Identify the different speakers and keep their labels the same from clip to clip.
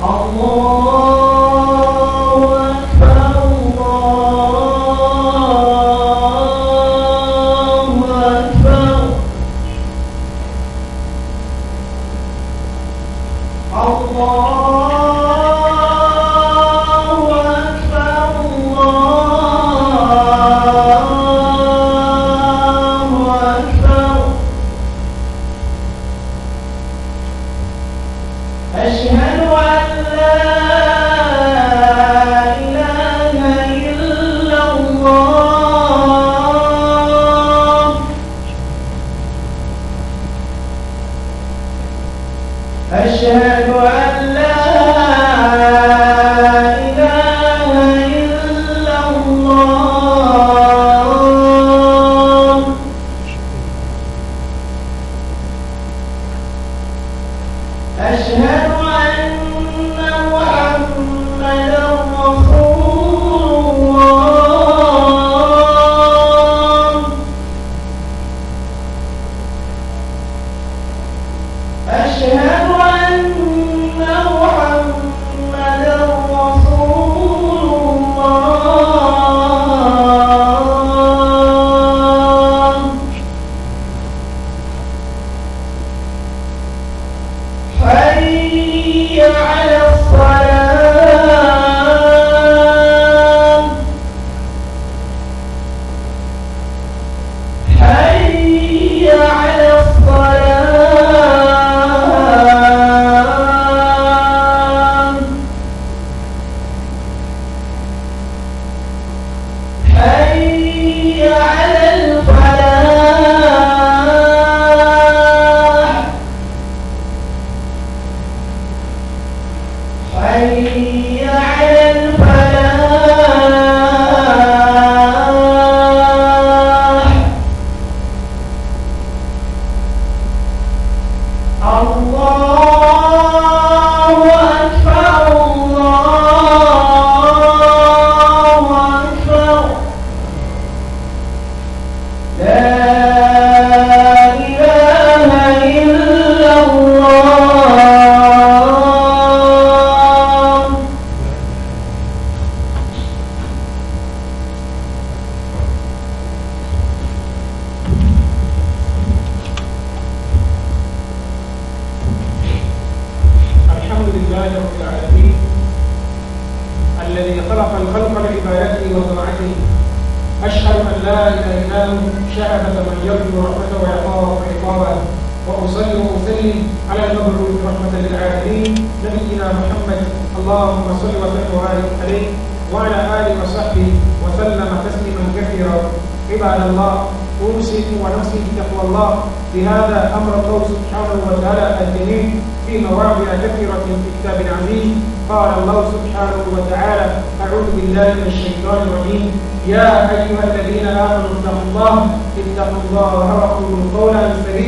Speaker 1: 好么？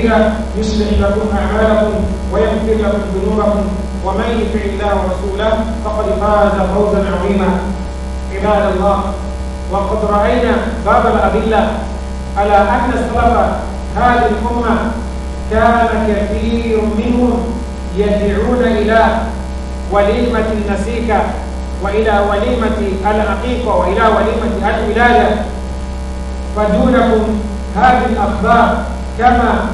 Speaker 1: الذكرى يصلح لكم أعمالكم ويغفر لكم ذنوبكم ومن يطع الله ورسوله فقد فاز فوزا عظيما عباد الله وقد رأينا باب الأدلة على أن السلف هذه الأمة كان كثير منهم يدعون إلى وليمة النسيكة وإلى وليمة العقيقة وإلى وليمة الولادة فدونكم هذه الأخبار كما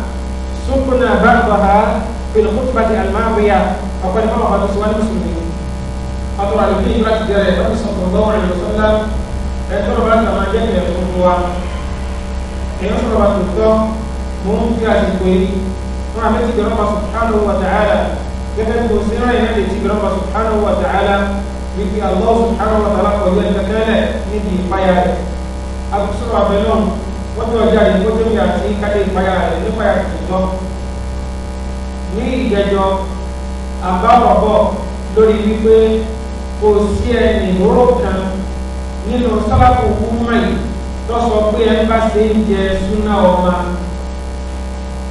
Speaker 1: سقنا بعضها في الخطبة الماضية فقد مرض نسوان المسلمين أطلع الفيل رأس جرى النبي صلى الله عليه وسلم يضرب لك ما جاء يقول يضرب الدكتور مهم في أسكوي wọn àmì ti gbẹrọba subhanahu wa ta'ala gẹ́gẹ́ bí òsínà yẹn lè ti gbẹrọba subhanahu wa ta'ala wípé allah subhanahu wa ta'ala kọjú ẹni kẹkẹrẹ níbi ìpayà wọ́n tó ọjà yìí kó tó yà sí kálí ìpayà rẹ̀ nípa ìtùtọ́ ní ìjẹjọ àbáwọ̀bọ̀ lórí wípé kò sí ẹni ìhóró kan nínú sábàkù wúmáì tó sọ pé ẹ bá ṣe ń jẹ súná ọmọ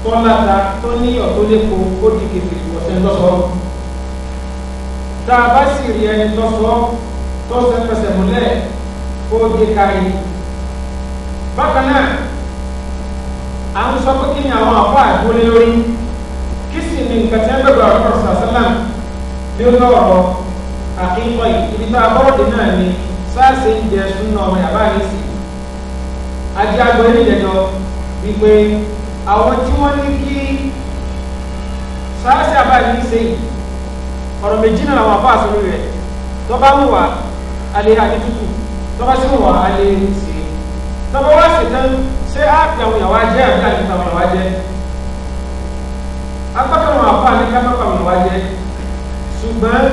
Speaker 1: tọ́láta tó níyọ̀ tó lépo ó di kèfè ọ̀sẹ̀ lọ́sọ̀ tá a bá sì rí ẹni tọ́sọ́ tọ́sẹ̀ fẹsẹ̀ múlẹ̀ ó di káyìí bákan náà à ń sọ pé kí ni àwọn àbá àgbóni lórí kí sì ni nǹkan tí wọ́n gbẹ̀gbẹ̀ àwọn ọ̀rọ̀ sàṣálà ní ó lọ́wọ́ àkínkọ́ ibi tá a bọ́rọ̀ dé náà ni sáàsì ń jẹ súnà ọmọ yàrá mi sí ajé agbọ́n ní ìjẹjọ wípé àwọn tí wọ́n ní kí sáàsì àbáyé ṣe yìí ọ̀rọ̀ méjì náà àwọn àbá àṣọ rẹ̀ tó bá wù alẹ́ àti tútù tó bá sì wù alẹ́ sí tọ́ba wá sí tán ṣé á pè àwọn ìyàwó ajẹ́ àbí àti àwọn ìyàwó ajẹ́ apákan àwọn àpá ní ká pápá àwọn ìyàwó ajẹ́ ṣùgbọ́n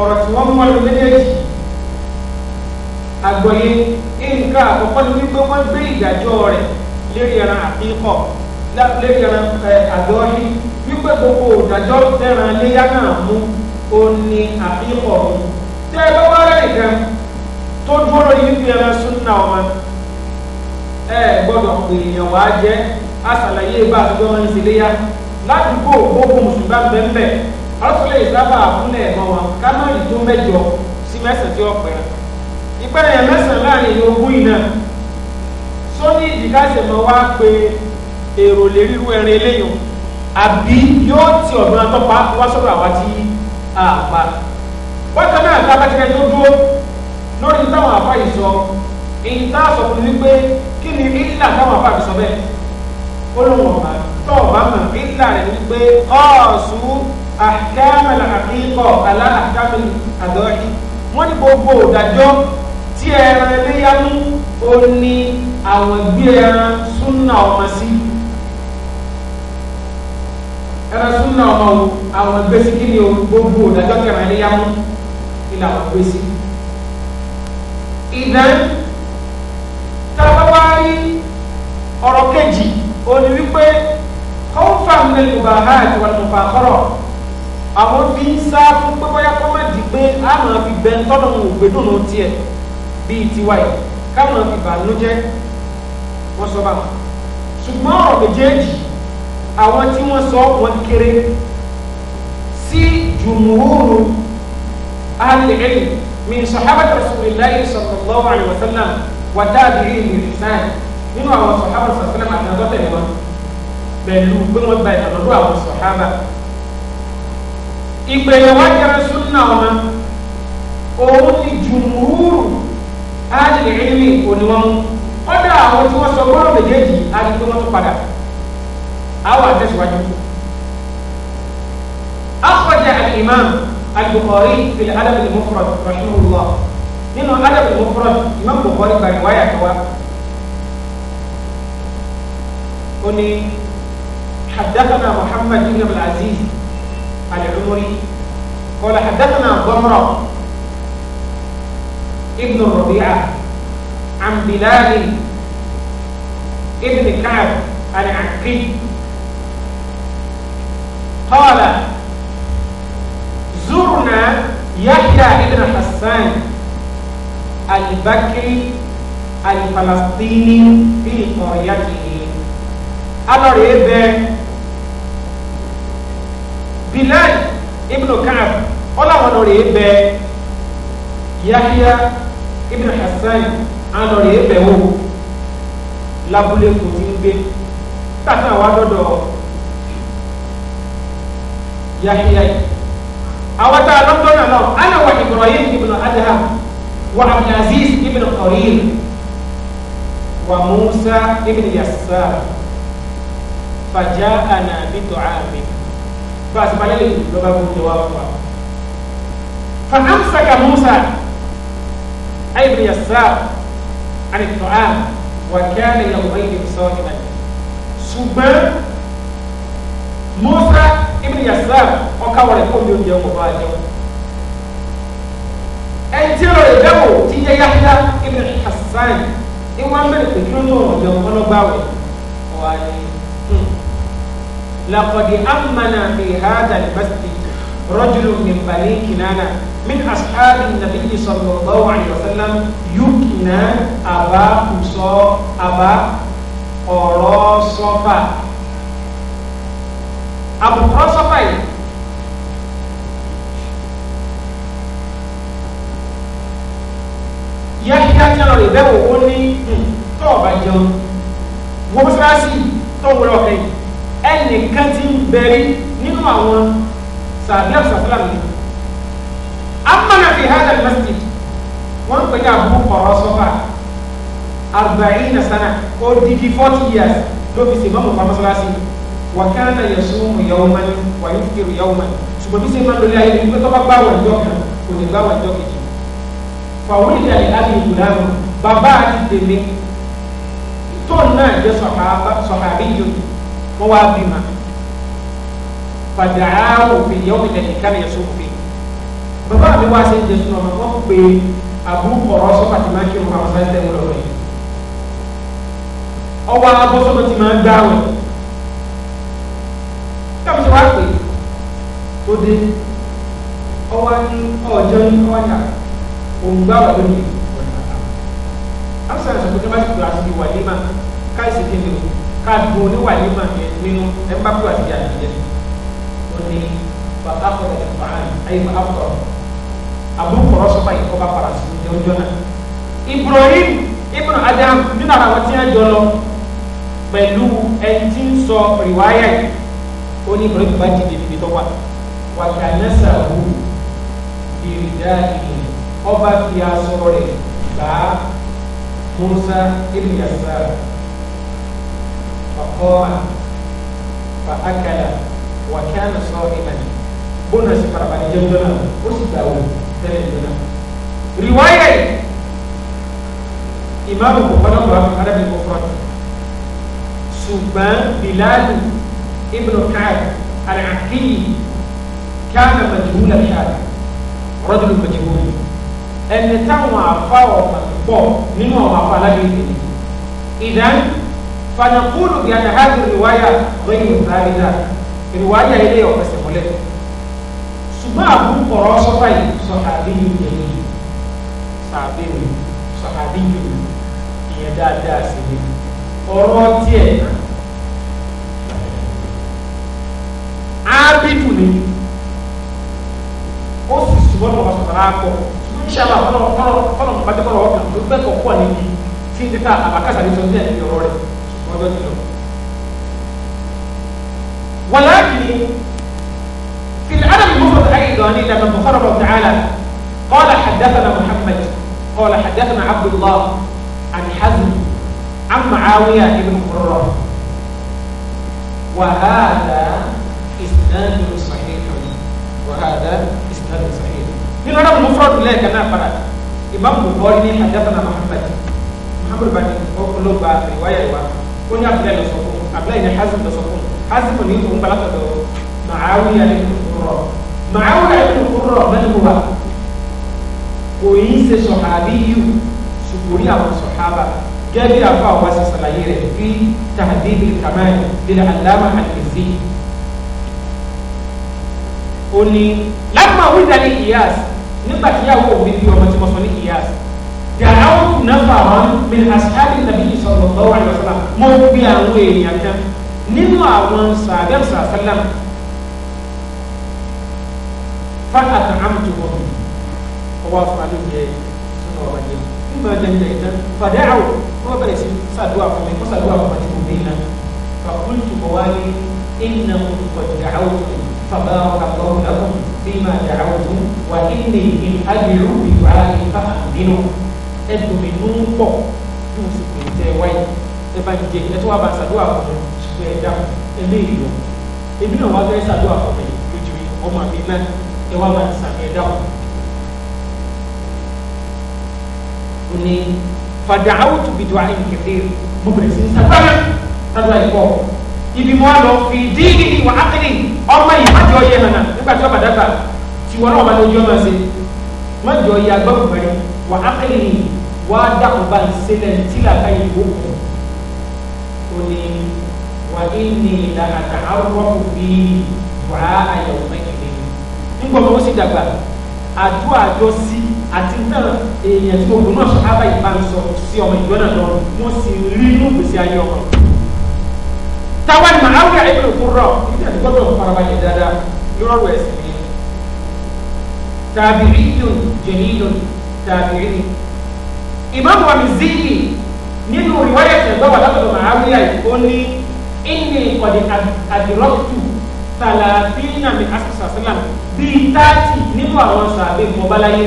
Speaker 1: ọ̀rọ̀ tí wọ́n mọ́ lórí méjèèjì àgbọ̀yé nǹkan àkọ́kọ́ ni wípé wọ́n gbé ìdájọ́ rẹ̀ lérí ẹran àfihàn lérí ẹran àgọ́rí wípé gbogbo ìdájọ́ tẹ̀ràn léyà náà mú o ní àfihàn tẹ́ ẹ bá wá rẹ̀ nìkan tó dúró lórí wípé ẹran sún náà ẹ gbọ́dọ̀ pé èèyàn wá jẹ́ àṣàlàyé bá àtúgbọ́ wọn ṣe léyà ládùúgbò gbogbo mùsùlùmí bẹ́ẹ̀ ọ̀sùlẹ̀ ìsábà àkúnlẹ̀ ẹ̀mọ́ wọn ká má rí tó mẹ́jọ sí mẹ́sàn-án tí ó pẹ́ ìpẹ́rẹ́ yẹn mẹ́sàn-án láàrin ogún iná sóní ìdíkàṣẹ̀mọ́ wá pé èrò lè ríru ẹran eléyìí àbí yóò ti ọ̀dún atọ́pa wá sọ́dọ̀ àwa tí a pa bákan náà tábàtìkẹ́ tó dúró lórí táwọn àfáà yìí sọ èyí tá a sọ fún mi pé kí ni ilà táwọn afá fi sọ bẹ́ẹ̀ ó lóun ọ̀bà tó ọ̀bà mọ̀ ilà rẹ̀ ni pé ọ̀ọ̀sù àkẹ́mẹ̀lẹ̀ àkíkọ̀ aláàkámẹ̀lẹ̀ àdọ́rí wọ́n ní gbogbo ìdájọ́ tí ẹran ẹlẹ́yà mú ó ní àwọn gbé ẹran súnà ọmọ sí ẹran súnà ọmọ o àwọn gbé sí kí ni o gbogbo ìdájọ́ tí ẹran ẹlẹ́yà mú ilà wọn gbé sí. ìdájọ́ tábà wá rí ọ̀rọ̀ kejì òní wípé kọ́ńfà nílẹ̀ yorùbá ha àti wọn lọ́pàá kọ́rọ̀ àwọn bí ń sá fún pé bóyá kọ́ má di pé a máa fi bẹ tọ́nà òun ògbédùn náà tiẹ̀ bíi tiwa yìí ká máa fi bàánújẹ́ wọ́n sọ bá wọn ṣùgbọ́n ọ̀rọ̀ méjèèjì àwọn tí wọ́n sọ wọn kéré sí jùmùúrù ahli ilm min sahabati rasulillahi sallallahu alaihi wasallam wàtáàbìrì ìrìsàn nínú àwọn sọ̀hábà sọ̀sánà àti ọ̀dọ́tẹ̀ wọn pẹ̀lú pé wọ́n gba ìtàlọ́dọ̀ àwọn sọ̀hábà. ìgbẹ̀yẹ̀ wá jẹrẹ súnà ọmọ òun ni jùmùúrù áàdìrì ìrìmì òníwọ̀n ọ̀dọ̀ àwọn tí wọ́n sọ gbọ́dọ̀ méjèèjì á ní pé padà àwọn àtẹ̀síwájú. أخرج الإمام البخاري في الأدب المفرد nínú adab al-mufrad imam bukhari gba ìwáyà kan wá ó ní حدثنا محمد بن عبد العزيز العمري قال حدثنا ضمرة ابن الربيعة عن بلال ابن كعب عن العنقي قال زرنا يحيى ابن حسان البكري الفلسطيني في قريته alọ́rọ̀ yẹ bẹ Bilal ibnu Ka'b ọlọ́wọ́n lọ́rọ̀ yẹ bẹ Yahya ibnu Hasan alọ́rọ̀ yẹ bẹ wò labule kò ní gbé tàbí àwọn adọ́dọ̀ Yahya àwọn tá a lọ́dọ̀ náà Ibrahim ibnu Adham. وعبد العزيز ابن قريب وموسى ابن يسار فجاءنا بطعام فأسبنا لي لما كنت فأمسك موسى أي ابن يسار عن الطعام وكان يومئذ صائما ṣùgbọ́n موسى ابن Yasar وكان wọlé يوم omi oúnjẹ ẹnití ọ̀rọ̀ ìdẹ́wò ti yẹ yáyá ibi hasan ni wọ́n bẹ̀rẹ̀ pé kí ló ń lọ ọlọ́gbà wẹ̀ ọ̀wá ni hmm, lakọ̀dì amana fi hada libasti rọ́jùlù min bani kinana min ashabi nabiyyi sallallahu alayhi wa sallam yukina aba usọ aba ọ̀rọ̀ sọ́fà àbùkọ́ sọ́fà yìí. yáyá yánlọ rẹ̀ bẹ́ẹ̀ wò ó ní hmm, tó ọba jẹun wọ́n mọ́sálásí tó ń wọlé ọ̀kẹ́ yìí ẹnìkan ti ń bẹ̀rí nínú àwọn sàbíà sàfúlàmù ni amana fi hada masjid wọ́n ń pè ní àbúrò kọ̀rọ̀ sọ́fà arba'ina sana odidi forty years ló fi sèmọ́mù pa mọ́sálásí wà kánà yasumu yawman wà yuftiru yawman ṣùgbọ́n bí sèmọ́mù lórí ayélujára tó bá gbà wọ̀ ọjọ́ kan kò ní gbà wọ̀ ọjọ́ kejì fàwọn ìdílé àyè láti ìlú lánàá bàbá àti tèmi tóun náà jẹ́ sọ̀kà àbíyọ wọ́n wá bímọ fàdà áwò fìdí ọ̀hún ìdẹ̀lẹ̀ kárẹ̀ yẹn sófin bàbá mi wá sí ìdẹ̀sù ọmọ wọn pé àbúrò ọ̀rọ̀ sọ́kà tí máa ń kí wọn àwọn sáyẹn tẹ̀wọ̀n lọ́wọ́ yìí ọwọ́ abọ́sọ́nà ti máa ń dáwọ̀ táwọn ti wá pè tó dé ọwọ́ ní ní ọjà òun gbá wà lónìí asan sọ pé bá ti kílásì ní wàlẹ́ mà ká ìsìn kí ni o ká dùn ní wàlẹ́ mà yẹn nínú ẹ̀ ń bá kú àti àti yẹn ó ní bàtà kọ̀ọ̀ ẹ̀ fà áyì ayé bàtà kọ̀ọ̀ àbúrò kọ̀ọ̀ sọ́kà yìí kọ́ bá para sí ní ọjọ́ náà Ibrahim ibùdó Adam nínú àwọn tí wọ́n jọ lọ pẹ̀lú ẹni tí ń sọ rìwáyà yìí ó ní Ibrahim bá ti dèbìdì tó wà wàtà nẹ́sà wù ìrìdá ìlú ọba fi aṣọ rẹ̀ bá musa ibn yasar fakọ́ra fàákàlà wàkíánà sọ ìmàlì bóńdà sí farabani jẹ́ gbọ́nà ó sì gbà wò tẹ́lẹ̀ gbọ́nà. riwaya ìmáàmù kò fọdọ̀ bá arábìnrin kò fọdọ̀ ṣùgbọ́n bilalu ibn kaab al-aqiyi kánà majhul al-hal rọ́dùlù majhul ẹni táwọn afa ọmọ pọ̀ nínú ọmọ afa alágbèéké ìdán fanakulu bí adahadu riwaya lẹ́yìn ìfúráyà riwaya ilé ọ̀pẹ̀sẹ̀ mọ́lẹ̀ ṣùgbọ́n àbúkọ̀rọ̀ sọ́fà yìí sọ̀kàbí yìí yẹ̀yìn sàbí mi sọ̀kàbí yìí ìyẹn dáadáa sí mi ọ̀rọ̀ tiẹ̀ ábídù ni ó sì ṣùgbọ́n ọ̀pọ̀ sọ̀rọ̀ ولكن في الأدب المفرد أيضا لما المخرب تعالى قال حدثنا محمد قال حدثنا عبد الله عن حزم عن معاوية بن قرة وهذا إسناد صحيح وهذا إسناد صحيح
Speaker 2: هنا أنا المفرد
Speaker 1: لا كنا فرع إمام بوالي حدثنا محمد بني محمد بني هو كله بعد رواية وا كوني أبلا لصفوم أبلا إن حزم لصفوم حزم من يوم بلغت دو معاوية للقراء معاوية للقراء من هو كويس صحابي سبوري أو صحابة جابي أفا واسع صغير في تهديد الكمال للعلامة الكزي قولي لما ولد لي إياس nígbà tí yàwó mi bí ọmọ tí mo sọ ní ìyáàs dàrá ó kù náà fà wọn min asihabi nabi sallallahu alaihi wasallam mo gbé àwọn èèyàn kan nínú àwọn sàbẹ̀ sàsálàm fa àtàkàmùtò wọn ọwọ́ afọlẹ́ yẹ sọ́nà ọ̀rọ̀ yẹ nígbà jẹjẹ ìtàn fàdé àwọ̀ wọ́n bẹ̀rẹ̀ sí sàdúrà fún mi kó sàdúrà fún mi kò bí iná fàkúntù kọ̀wálé ìnáwó kọ̀dà àwọ̀ fàbáwọ̀ kàbọ̀ ọ̀làkùnrin bímọ dàáwọ̀tún wà ní ìhìn abiru ìwà ìfà àbínú ẹdùn mi ló ń pọ̀ tó sì pè tẹ wáyé ẹ bá ti jẹ ẹ tó wà bá ṣàdúrà fún mi ṣùgbọ́n ẹ dáhùn ẹ lé ìlú èmi náà wá fẹ́ ṣàdúrà fún mi lójú ibi mọ́ lọ fi díìní ìwà ákìlì ọmọ yìí májọ yẹ hàn náà nígbà tí ọba dàgbà tí wọn náà bá lójú ọmọ ṣe májọ yẹ agbọ́kùnrin wà ákìlì wà dàkúbà ìṣẹ̀lẹ̀ tílà káyìí gbókùn òní wà ní ìlànà àwòrán bí wà àyẹ̀wò mẹ́kìlẹ̀ nígbà wọn sì dàgbà àdúrà àjọ sí àti náà èèyàn tí mo gbọ́ náà sọ ábà ìbánisọ sí ọmọ ìjọ náà lọ wọn sì rí inú gbèsè ayé ọkọ táwa ni màá wíyà ẹ̀mí òkú rọ̀ nígbà tí gbọ́dọ̀ farabalẹ̀ dáadáa lọ́rọ̀ ẹ̀sìn ni tàbírí yòó jẹ̀lí yòó tàbírí ni ìmáàmù wa mi zíyì nínú ìwáyà tẹ̀gbọ́n wà látọ̀dọ̀ màá wíyà ó ní ìní ìkọ̀dé àdìrọ́tù tàlàfínà mi asàsàsílà bíi táàtì nínú àwọn sàbẹ̀ mọ́báláyé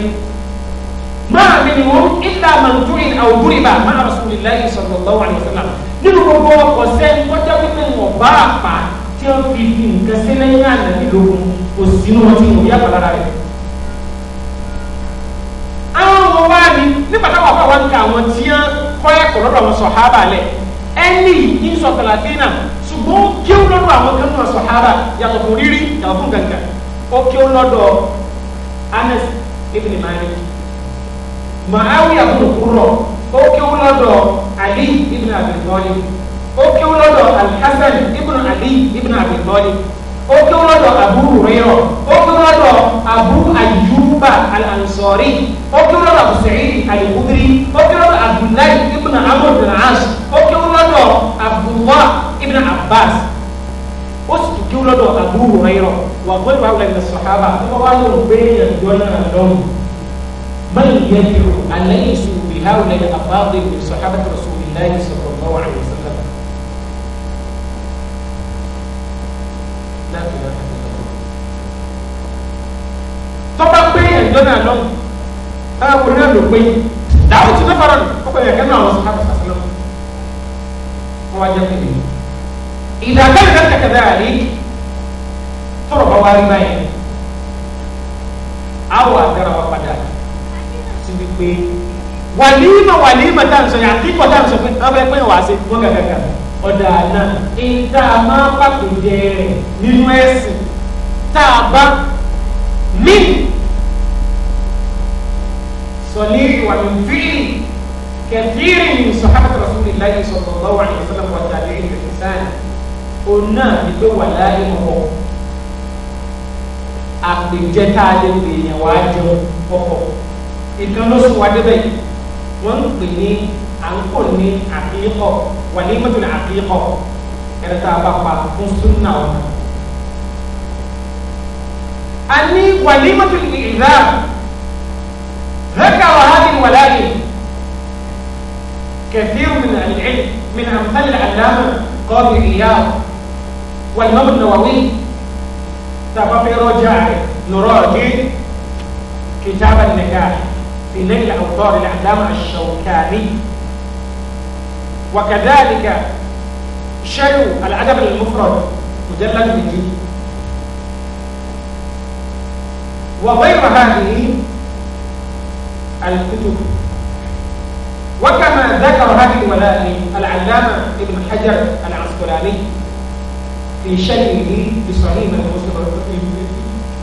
Speaker 1: máa mi rasulillahi sallallahu alaihi wasallam nínú gbogbo ọkọ̀ sẹ́ni kọjá pípé wọn bá àpá tí wọ́n fi fi nǹkan sí lẹ́yìn ànàbí lógun kò sí inú wọn tí wọn yá bàlára rẹ̀. àwọn ọmọ wa ni nígbà táwọn àbá wa ń ka àwọn tí wọ́n kọ́ ẹ̀kọ́ lọ́dọ̀ àwọn sọ̀hábà lẹ̀ ẹni ìsọ̀tàlá dínà ṣùgbọ́n kéwù lọ́dọ̀ àwọn kan náà sọ̀hábà yàtọ̀ fún rírí yàtọ̀ fún gàngàn ó kéwù lọ́dọ̀ Anas ibn Malik Muawiya àbúrò kúrọ̀ ó kéwù lọ́dọ̀ ali ibn abi talib ó kéwú lọ́dọ̀ alhassan ibn ali ibn abi talib ó kéwú lọ́dọ̀ abu hurayra ó kéwú lọ́dọ̀ abu ayyuba al-ansari ó kéwú lọ́dọ̀ abu sa'id al-khudri ó kéwú lọ́dọ̀ abdullahi ibn amr bin as ó kéwú lọ́dọ̀ abdullah ibn abbas ó sì tún kéwú lọ́dọ̀ abu hurayra wà gbọ́dọ̀ wà wọlé ní sọ̀hábà ó wà lóun gbé yẹn jọ náà lọ́rùn. من يدعو أليس بهؤلاء الأفاضل من صحابة رسول الله صلى الله عليه وسلم لا إله إلا الله طبعا بين لنا لهم أقولنا له بين دعوة نفرا أقول يا كنا وصحابة صلى الله عليه وسلم إذا كان ذلك كذلك ترى بواري ما يعني أو أدرى وقدر wípé wàlímà wàlímà tá n sọ yà kíkọ tá n sọ pé ọbẹ pé wàá sí wọn gàgàgà ọ̀dà àná ìta máa pàtó jẹ rẹ nínú ẹ̀sìn tá a bá mí sọlí wàlúfíì kẹfìrì ní sọ̀hábàtà rasulillahi sallallahu alaihi wasallam wa tabi'in bi ihsan òun náà ni pé wà láyé mọ̀ àpèjẹ tá a lè pè yẹn wàá jẹun pọ̀pọ̀. ìlọlọsùn wa débẹ̀ yìí wọn ń pè ní à ń pò ní àkíkọ wà ní mẹtòlá àkíkọ ẹni tá a bá pa fún súnà wọn. a ní wà ní mẹtòlá ìlà ذكر هذه الولائم كثير من العلم من امثال العلامه قاضي اياه والامام النووي سبب رجعه نراجع كتاب النكاح في نيل أوطار العلامة الشوكاني وكذلك شيء الأدب المفرد مجلد من وغير هذه الكتب وكما ذكر هذه الولائي العلامة ابن حجر العسقلاني في شيخه لصحيح مسلم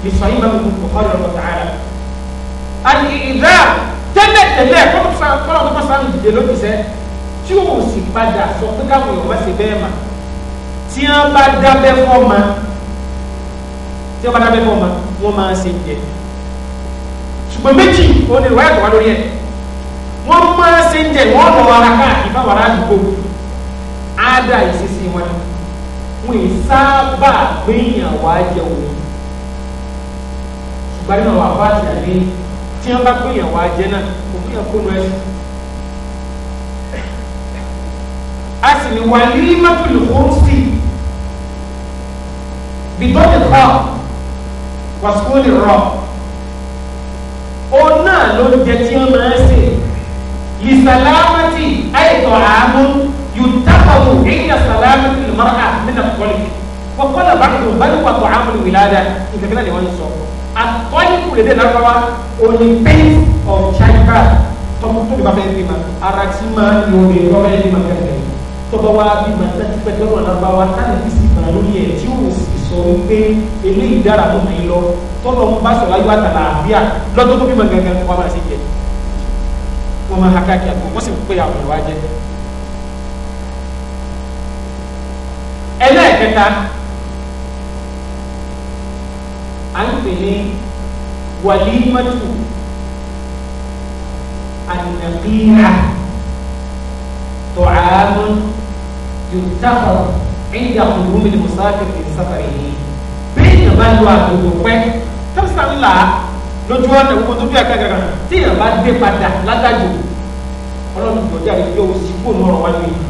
Speaker 1: لصحيح البخاري وتعالى àti ìdá tẹ́lẹ̀ tẹ́lẹ̀ kọ́lọ́kọ́ pàṣẹ ìdè lóbi sẹ́ tí o sì padà sọ pé káwọn èèyàn bá ṣe bẹ́ẹ̀ mà tí wọ́n bá dábẹ́ fọ́ ma tí wọ́n bá dábẹ́ fọ́ ma wọ́n máa ṣe jẹ ṣùgbọ́n méjì ó lè wáyà tó wá lórí ẹ̀ wọ́n máa ṣe ń jẹ wọ́n lọ ara káàkiri báwọn ará àdúgbò á dá ìṣesí wọn ni wọn ì sábà gbéyàwó ajẹwò ṣùgbọ́n nínú àwọn àbá àti àlẹ́ yìí tí wọ́n bá pín ìyàwó ajẹ́ náà kò pín ìyàwó kónú ẹ̀sìn. a sì ní walimatul ursi bìtọ́lì kọ́ wàsíkòlì rọ̀ òun náà ló ń jẹ tí wọ́n máa ń sè lìsàlámàtì àìtọ̀ àánú yùtàkàwù ìyá sàlámàtì lùmọ́ra nínú kọ́lì wọ́n kọ́lá bá tó bá ní wàtò àmúlùmíládà ìtẹ̀kẹ́lá ni wọ́n ń sọ àkọ́yìnkù lédè lárúbáwá òní pain of childbirth tọ́mú tó lè bá fẹ́ bímọ ara tí máa ń lo ní ẹ̀rọ bẹ́ẹ̀ bímọ kẹ́kẹ́ tọ́ba wa bímọ tẹ́tí pẹ́tẹ́ lọ́nà lárúbáwá táyà fi sì bàá lórí ẹ̀ tí ó sì sọ wípé eléyìí dára tó mi lọ tọ́lọ́ ń bá sọ̀rọ̀ ayé wa tà láàbíà lọ́dún tó bímọ gẹ́gẹ́ wọn máa ṣe jẹ wọn máa haka kí àgbo wọ́n sì pé àwọn ìwà jẹ ẹlẹ́ẹ̀kẹta à ń pè ní wàlímọ́tò ànàbíyà tọ́àmù yòtáfà ẹ̀yà kùrú mi ni mùsáfì fi sábà yìí bẹ́ẹ̀ ni bá lo àgbègbè pẹ́ tẹ́sán ńlá lójú ọ̀nà kó tó bí ẹ̀ka gàgà tí èèyàn bá dé padà látàjò ọlọ́run ìjọba rẹ̀ yọ òsì kó lọ́rọ̀ wájú yìí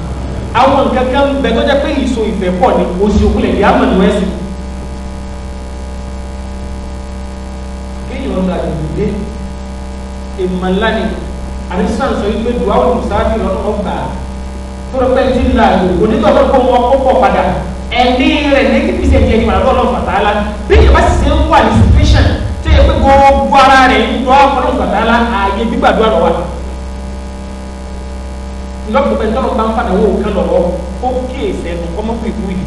Speaker 1: àwọn nǹkan kan bẹ tó jẹ́ pé ìso ìfẹ́ pọ̀ ni òsì òkúlẹ̀ yìí á mọ̀ ní wẹ́sì. àjòjòdé èèmọ̀ ńlá ni àdìsàn sọ wípé dùá òun sáájú lọ́nà ọgbà tọ́lọ́ pẹ́ ti la àjòjò nígbà tó kó wọn ó pọ̀ padà ẹni rẹ̀ ní kí bísí ẹ̀jẹ̀ ìgbà lọ́nà fàtàlá bí ìyàbá sì ṣe ń wà ní situation tó yẹ pé gbogbo ara rẹ̀ ń dọ́ ọlọ́run fàtàlá ààyè gbígbàdúrà lọ́wọ́ lọ́pọ̀ pẹ̀lú tọ́lọ́ bá ń padà wọ́n ò kán lọ́wọ́ ó kí èsẹ̀ nù kọ́mọ́kù ìkú yìí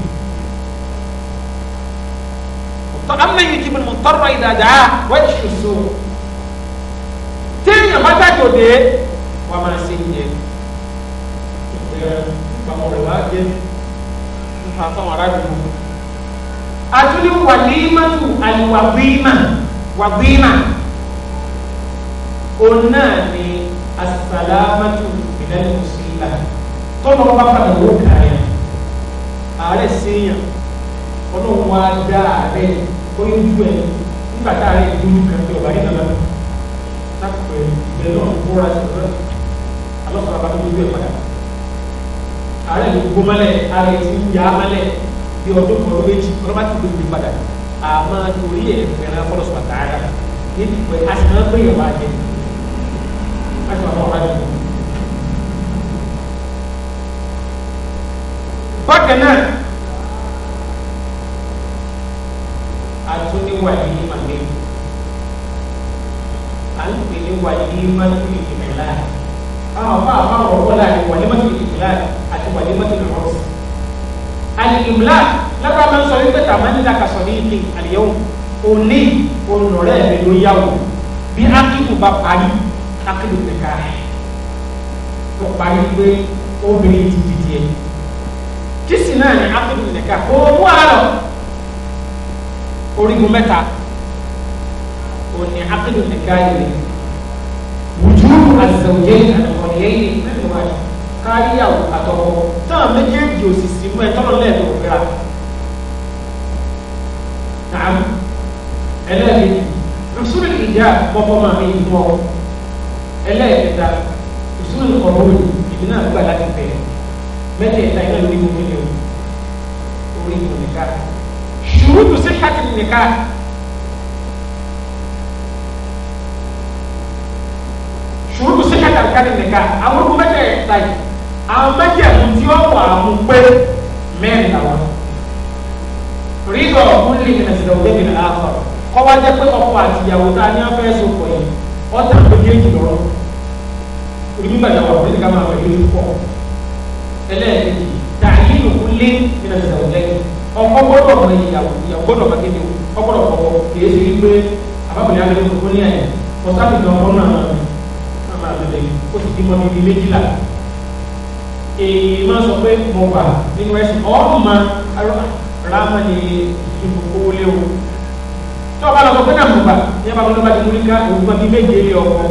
Speaker 1: فأما يجيب المضطر إذا دعاه ويشفي السوء téèyàn bá gbàgbọ́ dé wàá máa ṣe ìyẹn ìpamọ́ rẹ̀ wá jẹ́ nípa fáwọn aráàlú. àtúndì wàlímàtù àlùwàgbìmà wàgbìmà òun náà ni asàlámàtù ìdánù sílá tọ́lọ́ bá padà wó kàáyà ààrẹ séèyàn ọlọ́run wá dá ààrẹ yìí oyún dúdú ẹ nígbà tá a rẹ ìdúró kan tí ọba yìí lọ́la lákòókò ẹ bẹ́ẹ̀ náà ń kóra sí ọ̀rẹ́ alọ́sọ̀rọ̀ abá tó dúdú ẹ padà ààrẹ ló gbó mọ́lẹ̀ ààrẹ ti ń yá mọ́lẹ̀ bí ọdún kan méjì ọlọ́ba ti gbé gbé padà àmọ́ torí ẹ̀ fẹ́ràn fọlọ́sọ̀ àtàrà níbi pé a sì máa ń péye wá jẹ atúniwà ní màmí à ń pè ní wà ní mọ́tìrì ìmìlá àwọn afọ àfọ àwọn ọ̀rọ̀ láàrin wà ní mọ́tìrì ìmìlá àti wà ní mọ́tìrì ọ̀rọ̀ alìmìlá lábàá máa ń sọ wípé tàmá nílá ka sọ ní ìpín àlìyẹ́wò òní olùrẹ́ mi ló yáwò bí akíkù bá parí akíkù nìka tó parí pé obìnrin ti di tiẹ̀ kí sì náà ní akíkù nìka owó àlọ́ orígun mẹ́ta òní akéde nìkan yìí wùjú àzẹ̀wòyẹ́yìn àtọ̀kọ̀nìyẹ́yìn mẹ́rin wáyé káríyàwó àtọ̀kọ̀ táwọn méjèèjì òsìsì mú ẹ tọ́lọ̀ lẹ́ẹ̀dọ̀ gbéra nàám ẹlẹ́ẹ̀kejì ìṣúlẹ̀ ìjà pọ́pọ́ máa mi mọ́ ẹlẹ́ẹ̀kẹta ìṣúlẹ̀ ọ̀rọ̀ ìdí náà gbà láti bẹ̀rẹ̀ mẹ́tẹ̀ẹ̀ta iná lórí gbogbo ilẹ̀ orí ṣùgbọ́n sí hàtìmù nìkan ṣùgbọ́n sí hàtìmù nìkan àwọn ọkùnrin mẹ́tẹ̀ ẹ̀ báyìí àwọn mẹ́tẹ̀ ẹ̀mú tí ó isso mú pé mẹ́rin làwọn rídọ̀ ọ̀kúnlé ìrìnàṣẹ̀lẹ̀ òde ìrìnà àkọ́ kọ́wá jẹ́ pé ọkọ àti ìyàwó tá a ní afẹ́ so pọ̀ yìí ọ̀tà méjèèjì lọ́rọ́ onímọ̀ ìyàwó àwọn oníkàmọ́ àwọn ilé pọ̀ ẹlẹ́ẹ̀kejì tàyínù kúnlé ìrìnàṣẹ̀lẹ̀ òde ìrìnà ọkọ gbọ́dọ̀ mọ ìyàwó ìyàwó gbọ́dọ̀ mọ kéde o ọgbọdọ kọkọ kìí ṣe wípé àbábọlẹ alẹ ló kó ní ẹ ọsáàbì náà ọkọ náà náà máa bẹ̀rẹ̀ ó ti di mọ bíbí méjìlá èyí máa sọ pé mo wà nínú ẹsìn ọmọ rámà ní ìfowó léwu tí ọba lọ sọ pé náà mo wà ní ẹbá lọ́dọ́ bá ti múlí ká òun máa bí méje lé ọkọ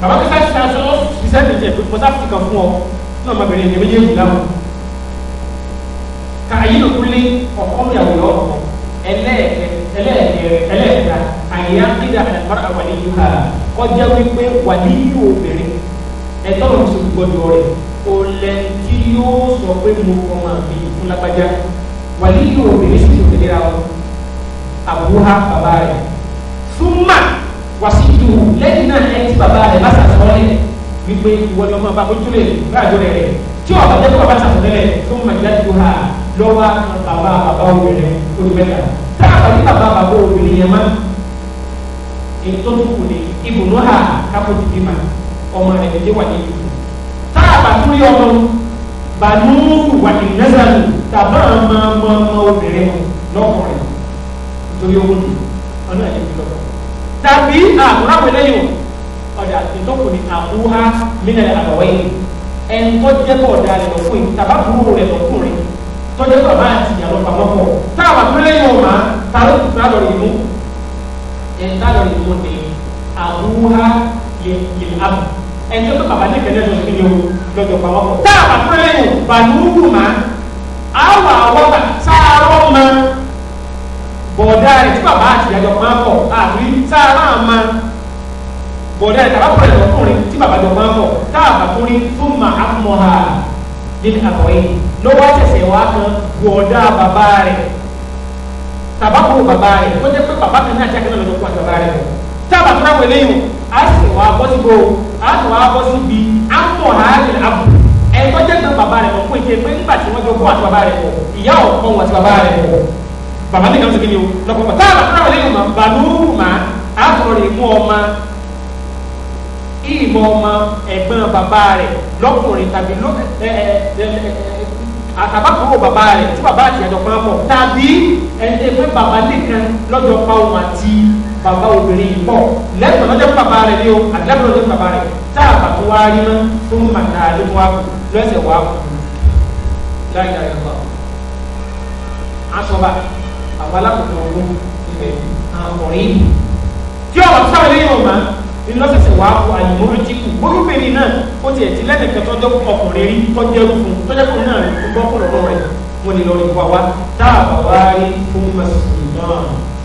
Speaker 1: bàbá kí sáà ti sá sọ ìsẹ́ni jẹ ọ náà àyílò tó lé ọ̀kọ́ ìyàwó yọ ọ̀kọ́ ẹlẹ́ẹ̀kẹta àyíyá kídà àlàmọ́ra àwàlẹ́ yìí ha kọjá wípé wàlí yóò bẹ̀rẹ̀ ẹ̀tọ́ ló ń sọ gbọdọ̀ rẹ̀ o lẹ tí yóò sọ pé mo kọ́ máa fi fún lágbájá wàlí yóò bẹ̀rẹ̀ sí ìṣòro ìlera wọn àbúhá bàbá rẹ̀ súnmà wàsíjù lẹ́yìn náà ẹ ti bàbá rẹ̀ bá sàtọ́lẹ̀ wípé ìwọ́n ni ọmọ bá bójúlẹ̀ láàjọ rẹ̀ tí ọ̀bàjẹ́ lọ́wọ́ bàbá bàbá obìnrin ó ti mẹ́ta káàbà ní bàbá bàbá obìnrin yẹn má ètò tó kù ní ibùdó ha kápò ti bí ma ọmọ rẹ̀ lè wà ní ibùdó káàbà tó yọ ọmọ bàánú wà ní nẹ́sàlù tàbá ọmọ ọmọ ọmọ obìnrin lọ́kùnrin nítorí owó ni ọ̀nà yẹn ti lọ́kọ̀
Speaker 2: tàbí àkùrọ̀ àwọn ẹlẹ́yìn
Speaker 1: ọ̀dà ètò kù ní àkúhá mílẹ̀ àbọ̀wẹ́yìn ẹ̀ńtọ́jẹ́kọ̀ ọ̀dà rẹ̀ lọ́kùnrin tàbá kúrò rẹ̀ lọ́kùnrin tọ́jú bàbá àti ìyá lọ́pàá mọ́pọ̀ tá a bá tó lẹ́yìn ọ̀ma tá ló ti tá lọ́rọ̀ inú ẹ̀ tá lọ́rọ̀ inú ni àbúhá lè abu ẹni tó bàbá ní kẹ́lẹ́ lọ sí ni o lọ́jọ́ pàmò pọ̀ tá a bá tó lẹ́yìn bàlúùkù má àwọn àwọn bá sáárọ̀ ma bọ̀dá rẹ̀ tí bàbá àti ìyá jọ máa pọ̀ àbí sáárọ̀ ma bọ̀dá rẹ̀ tàbá pọ̀ lọ́kùnrin tí bàbá jọ máa pọ̀ tá a bá tó rí fún màá mọ́ ha nínú àbọ̀yé. No àṣẹṣẹ wa kan gbọ̀ọ́dá bàbá rẹ̀ tàbákùrù bàbá rẹ̀ ó jẹ́ pé bàbá kan náà ṣàkínà lọ́dọ̀ fún bàbá rẹ̀ tábà tó láwọn eléyìí a sì wá bọ́ sí bo a sì wá bọ́ sí bi a ń mọ̀ ha ní abu ẹ̀tọ́ jẹ́ pé bàbá rẹ̀ mọ̀ fún ìṣe pé nígbà tí wọ́n jọ kó àti bàbá rẹ̀ pọ̀ ìyá ò kọ́ wọn àti bàbá rẹ̀ pọ̀ bàbá mi kàn sí kíni o lọ́pọ̀pọ̀ tábà tó láwọn eléyìí mọ̀ bàlúù mà á sọ̀rọ̀ rẹ̀ mú ọmọ ìmọ̀ ọmọ àtàbàkúrò bàbá rẹ̀ tí bàbá àti àjọ pa pọ̀ tàbí ẹni pé bàbá nìkan lọ́jọ́ pa òun àti bàbá obìnrin yìí pọ̀ lẹ́gbẹ̀ẹ́ lọ́jọ́ bàbá rẹ̀ ni o àdàbọ̀ lọ́jọ́ bàbá rẹ̀ tá a bàtú wá rí mọ́ fún màtà ló wá kù lọ́sẹ̀ wá kù láyé ayé lọ. asọba àwọn alákòókò ọdún ìgbẹ́ àwọn ọ̀rẹ́ yìí tí ọ̀rọ̀ sáwọn eléyìí ọ̀ ìlọ́sẹ̀sẹ̀ wàá kó àyìnbó ti kù olúbìnrin náà ó ti ẹ̀tí lẹ́nìkan tó jẹ́ ọkùnrin rí tọ́jẹ́ fún tọ́jẹ́ fún náà rí gbọ́ pọ̀ lọ́wọ́ rẹ̀ wọ́n ní lọ́ọ́ ìwà wa dáàbà wá rí fún mẹ́sàn-án náà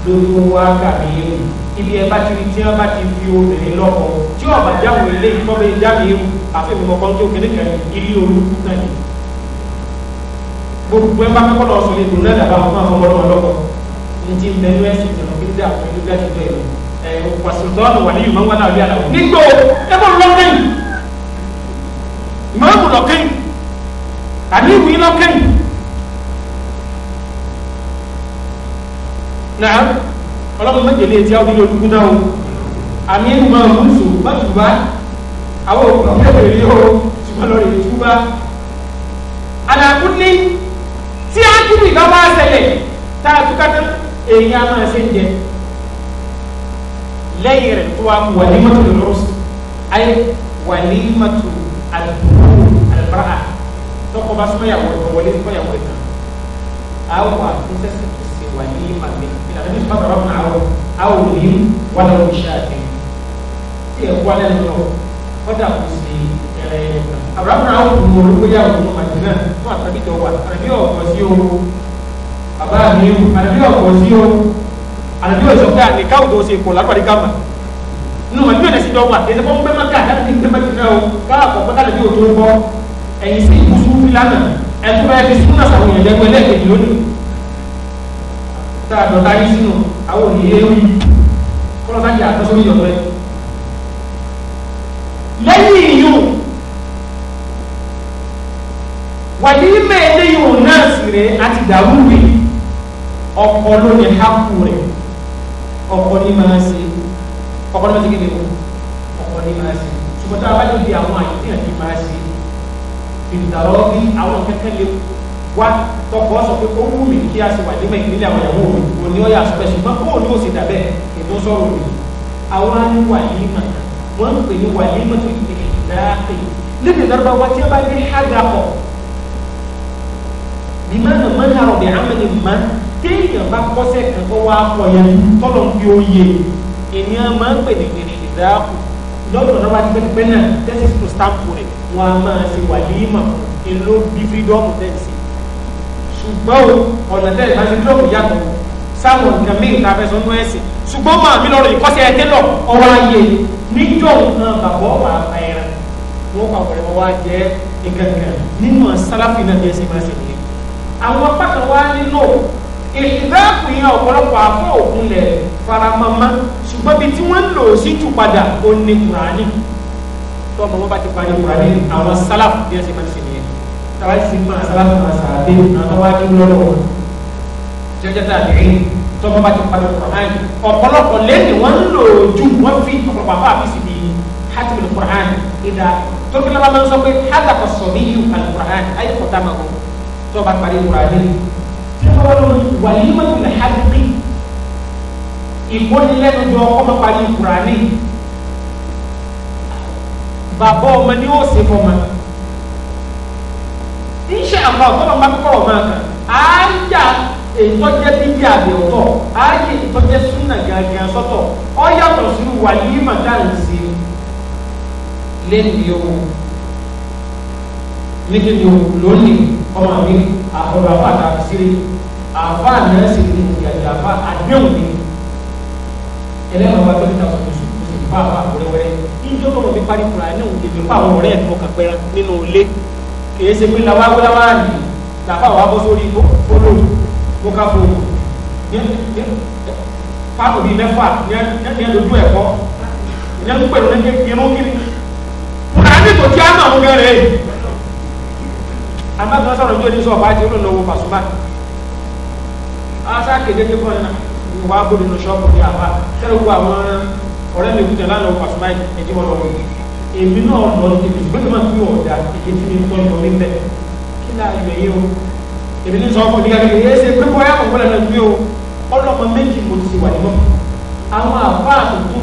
Speaker 1: lórí owó àgàmì ewu ibi ẹ bá ti rí tí wọ́n bá ti fi obìnrin lọ́kọ tí ọ̀bà jáwèé lé ìfọ́bẹ̀ jáde ewu àfẹ́mìmọ̀kọ́ tó kéde kan ilé olú náà ni gbogbo ẹ bá kọ́kọ́ lọ sọ ilé ìdùnnú ẹ̀dá bá wọn fún àwọn ọmọ ọlọ́kọ ní ti ń bẹ ní wasultanu waliyu man wala waliya lahu nígbò ẹbọ lọkẹyìn ìmọ̀ọ́mù lọkẹyìn àdéhùn yìí lọkẹyìn náà ọlọ́run méjèlé tí a ó di olùkú náà o àmì ẹnu máa mú sùn bá tù bá àwọn òkú ọ̀pẹ̀lẹ̀ rí o ṣùgbọ́n lọ́rẹ̀ lè tú bá àdàkú ní tí a kí nìkan bá ṣẹlẹ̀ tá a túkàtà èyí á máa ṣe ń lẹ́yìn rẹ̀ kó wa mú wàlímọ̀tò lọ́s ayé wàlímọ̀tò àlùkò àlùbárà tọkọ bá súnmọ́ yàwó ẹ̀ wọlé fún yàwó ẹ̀ kan àwọn àtúntẹ̀sẹ̀ tó ṣe wàlímọ̀ mi ìlànà mi bá bàbá máa wọ àwọn òní wà lọ́wọ́ iṣẹ́ àti ẹ̀ wà lẹ́nu lọ kọ́dà kò sí ẹ̀rẹ̀ ẹ̀ kan àbúrò àwọn òkùnkùn olówó yà wọ́n màdínà fún àtàkìtọ̀ wà àrẹ̀bí ọ̀pọ̀ sí o
Speaker 2: bàbá mi àrẹ̀bí ọ̀pọ̀ sí o
Speaker 1: àlejò ìsọ pé àníká òdò ṣe kò lágbàdì gàmà nínú wọn níbi ẹ̀sìn dọ́gba èdè fún gbẹ́mọ́ ká àdáni ní gbẹ́mọ́ ti náà káà kọ̀ pátá lẹ́bí òtó bọ́ ẹ̀yìn sí ìbùsùn fi lánà ẹ̀tún bá ẹbí sínú àṣàwọn èèyàn lẹ́gbẹ̀ẹ́ lẹ́ẹ̀kejì lónìí tá a dọ̀tá yín sínú àwọn òyìnbó ewì kọ́lọ́ sáyé àtọ́sórí ọ̀tọ́ ẹ̀ lẹ́yìn ìyún wàdí mẹ́ẹ̀ẹ́dẹ́yìn òun náà sì rẹ̀ àti dàrú rẹ̀ ọ̀pọ̀ lónìí hákù rẹ̀ ọkọ ni máa ṣe ọkọ ní máa ṣe kí ni o ọkọ ní máa ṣe ṣùgbọ́n tá a bá lè di àwọn àyè tí àti máa ṣe ìdàrọ́ bí àwọn kẹ́kẹ́ lè wá tọkọ sọ pé ó wù mí kí a ṣe wà nígbà ìdílé àwọn ìyàwó mi kò ní ọ̀yà àṣùpẹ̀ ṣùgbọ́n kó o ní o sì dàbẹ̀ ètò sọ̀rọ̀ mi àwọn wà yìí mà wọ́n ń pè ní wà yìí mà tó ti tẹ̀lé dáàpé lédè Lárúbáwá tí a bá dé hágàpọ̀ bí má nà má àmì ni má téèyàn bá kọ́sẹ̀ kan kó wá kọ yẹn tọ́lọ̀ ń fi oyè ènìyàn máa ń pè ní ìdáàkù lọ́dọ̀ náà wá ti pẹ́ẹ́pẹ́ náà tẹ́sí tó stampo rẹ̀ wọ́n a máa ṣe wàlímà èlò bí fídọ́ọ̀mù tẹ́sí ṣùgbọ́n ọ̀nà tẹ́lẹ̀ bá ti dúró yàtọ̀ sáwọn nǹkan míì ta fẹ́ sọnú ẹ̀sìn ṣùgbọ́n máa mi lọ́rọ̀ ìkọ́sẹ̀ ẹ̀tẹ́ lọ ọwọ́ ayé níjọ́ nǹkan bàbá ọ̀wà àbáyẹ̀rẹ̀ wọn kà wọ̀rẹ̀ wọn wá jẹ́ nǹkan kan nínú sáláfì náà bí ẹ̀sìn máa ṣe nìyẹn àwọn apá kan wá nínú ìdáàpù yẹn ọ̀pọ̀lọpọ̀ àfọ̀ òkun lẹ̀ faramama ṣùgbọ́n bí tí wọ́n ń lò sí jù padà ó ní kùránì tó ọmọ wọn bá ti parí kùránì àwọn sálàfù bí ẹsẹ̀ máa ń ṣe nìyẹn tàbá sì máa sálàfù máa sàbẹ̀ àwọn wájú lọ́dọ̀ wọn jẹ́jẹ́ tàbí rí tó ọmọ bá ti parí kùránì ọ̀pọ̀lọpọ̀ lẹ́nu wọ́n ń lò jù wọ́n fi ọ̀pọ̀lọpọ̀ àfọ̀ àfi sì bí hàtìmìlì kùránì ìdá tó fi lọ́ba máa ń sọ pé hàtàkọ̀ sọ̀ kí wọ́n lọ wàlímà tìlẹ̀ hàdìkì ìgbónilẹ́nudọ́ ọmọ parí kùránì bàbá ọmọ ni ó ṣe fọmọ iṣẹ́ àwọn ọ̀tọ́ náà bá kọ́rọ̀ máa kàn á yà ìtọ́jẹ́ bíbí àbẹ̀ ọ̀tọ̀ á yẹ ìtọ́jẹ́ súnà gàgà sọ́tọ̀ ọ yàtọ̀ sí wàlímà dáhùnsì lẹ́nu yòówù níbi yòówù lónìí ọmọ mi àkọ́dọ̀ àpáta sílẹ̀ àfa náà sì ní ìyàjọ àfa àdéhùn ni ẹlẹ́wọ̀n wa tó ní ta sọ̀tún sùn tó sì bá àfa wẹ́rẹ́wẹ́rẹ́ ìjọ tó mọ̀ mi parí kura náà òde mi pa àwọn ọ̀rẹ́ ẹ̀ tó kà pẹ́ran nínú ilé kìí ṣe pé làwa gbọ́dá wá nì làfa wà bọ́ sórí olóòtú kó ká fo pápò bíi mẹ́fà ní ẹ̀dọ́jú ẹ̀kọ́ ìyẹn tó pẹ̀lú ní irun kiri kura ní tò tí a máa ń gẹ̀rẹ́ àmọ́ àti wọn sọ̀rọ̀ ní ojú ọba àti olóòtú asa kéde ní kọ́ nínú wà bó nínú ṣọ́ọ̀bù bí àwa tẹ́lẹ̀ wo àwọn ọ̀rẹ́ mi kú jẹ lánàá wà fúnmáì ẹ̀jẹ̀ wọn lọ́wọ́ èmi náà lọ ní tèmi gbọ́dọ̀ máa fi ọ̀dà èké tí mi tọ́ lọ níbẹ̀ kí náà ibẹ̀ yé o èmi ní sọ́ọ̀bù ní kàkiri yé ṣe pé bóyá kò gbọ́dọ̀ náà gbé o ọlọ́mọ méjì kò ti wà nímọ̀ àwọn àbá àtúntò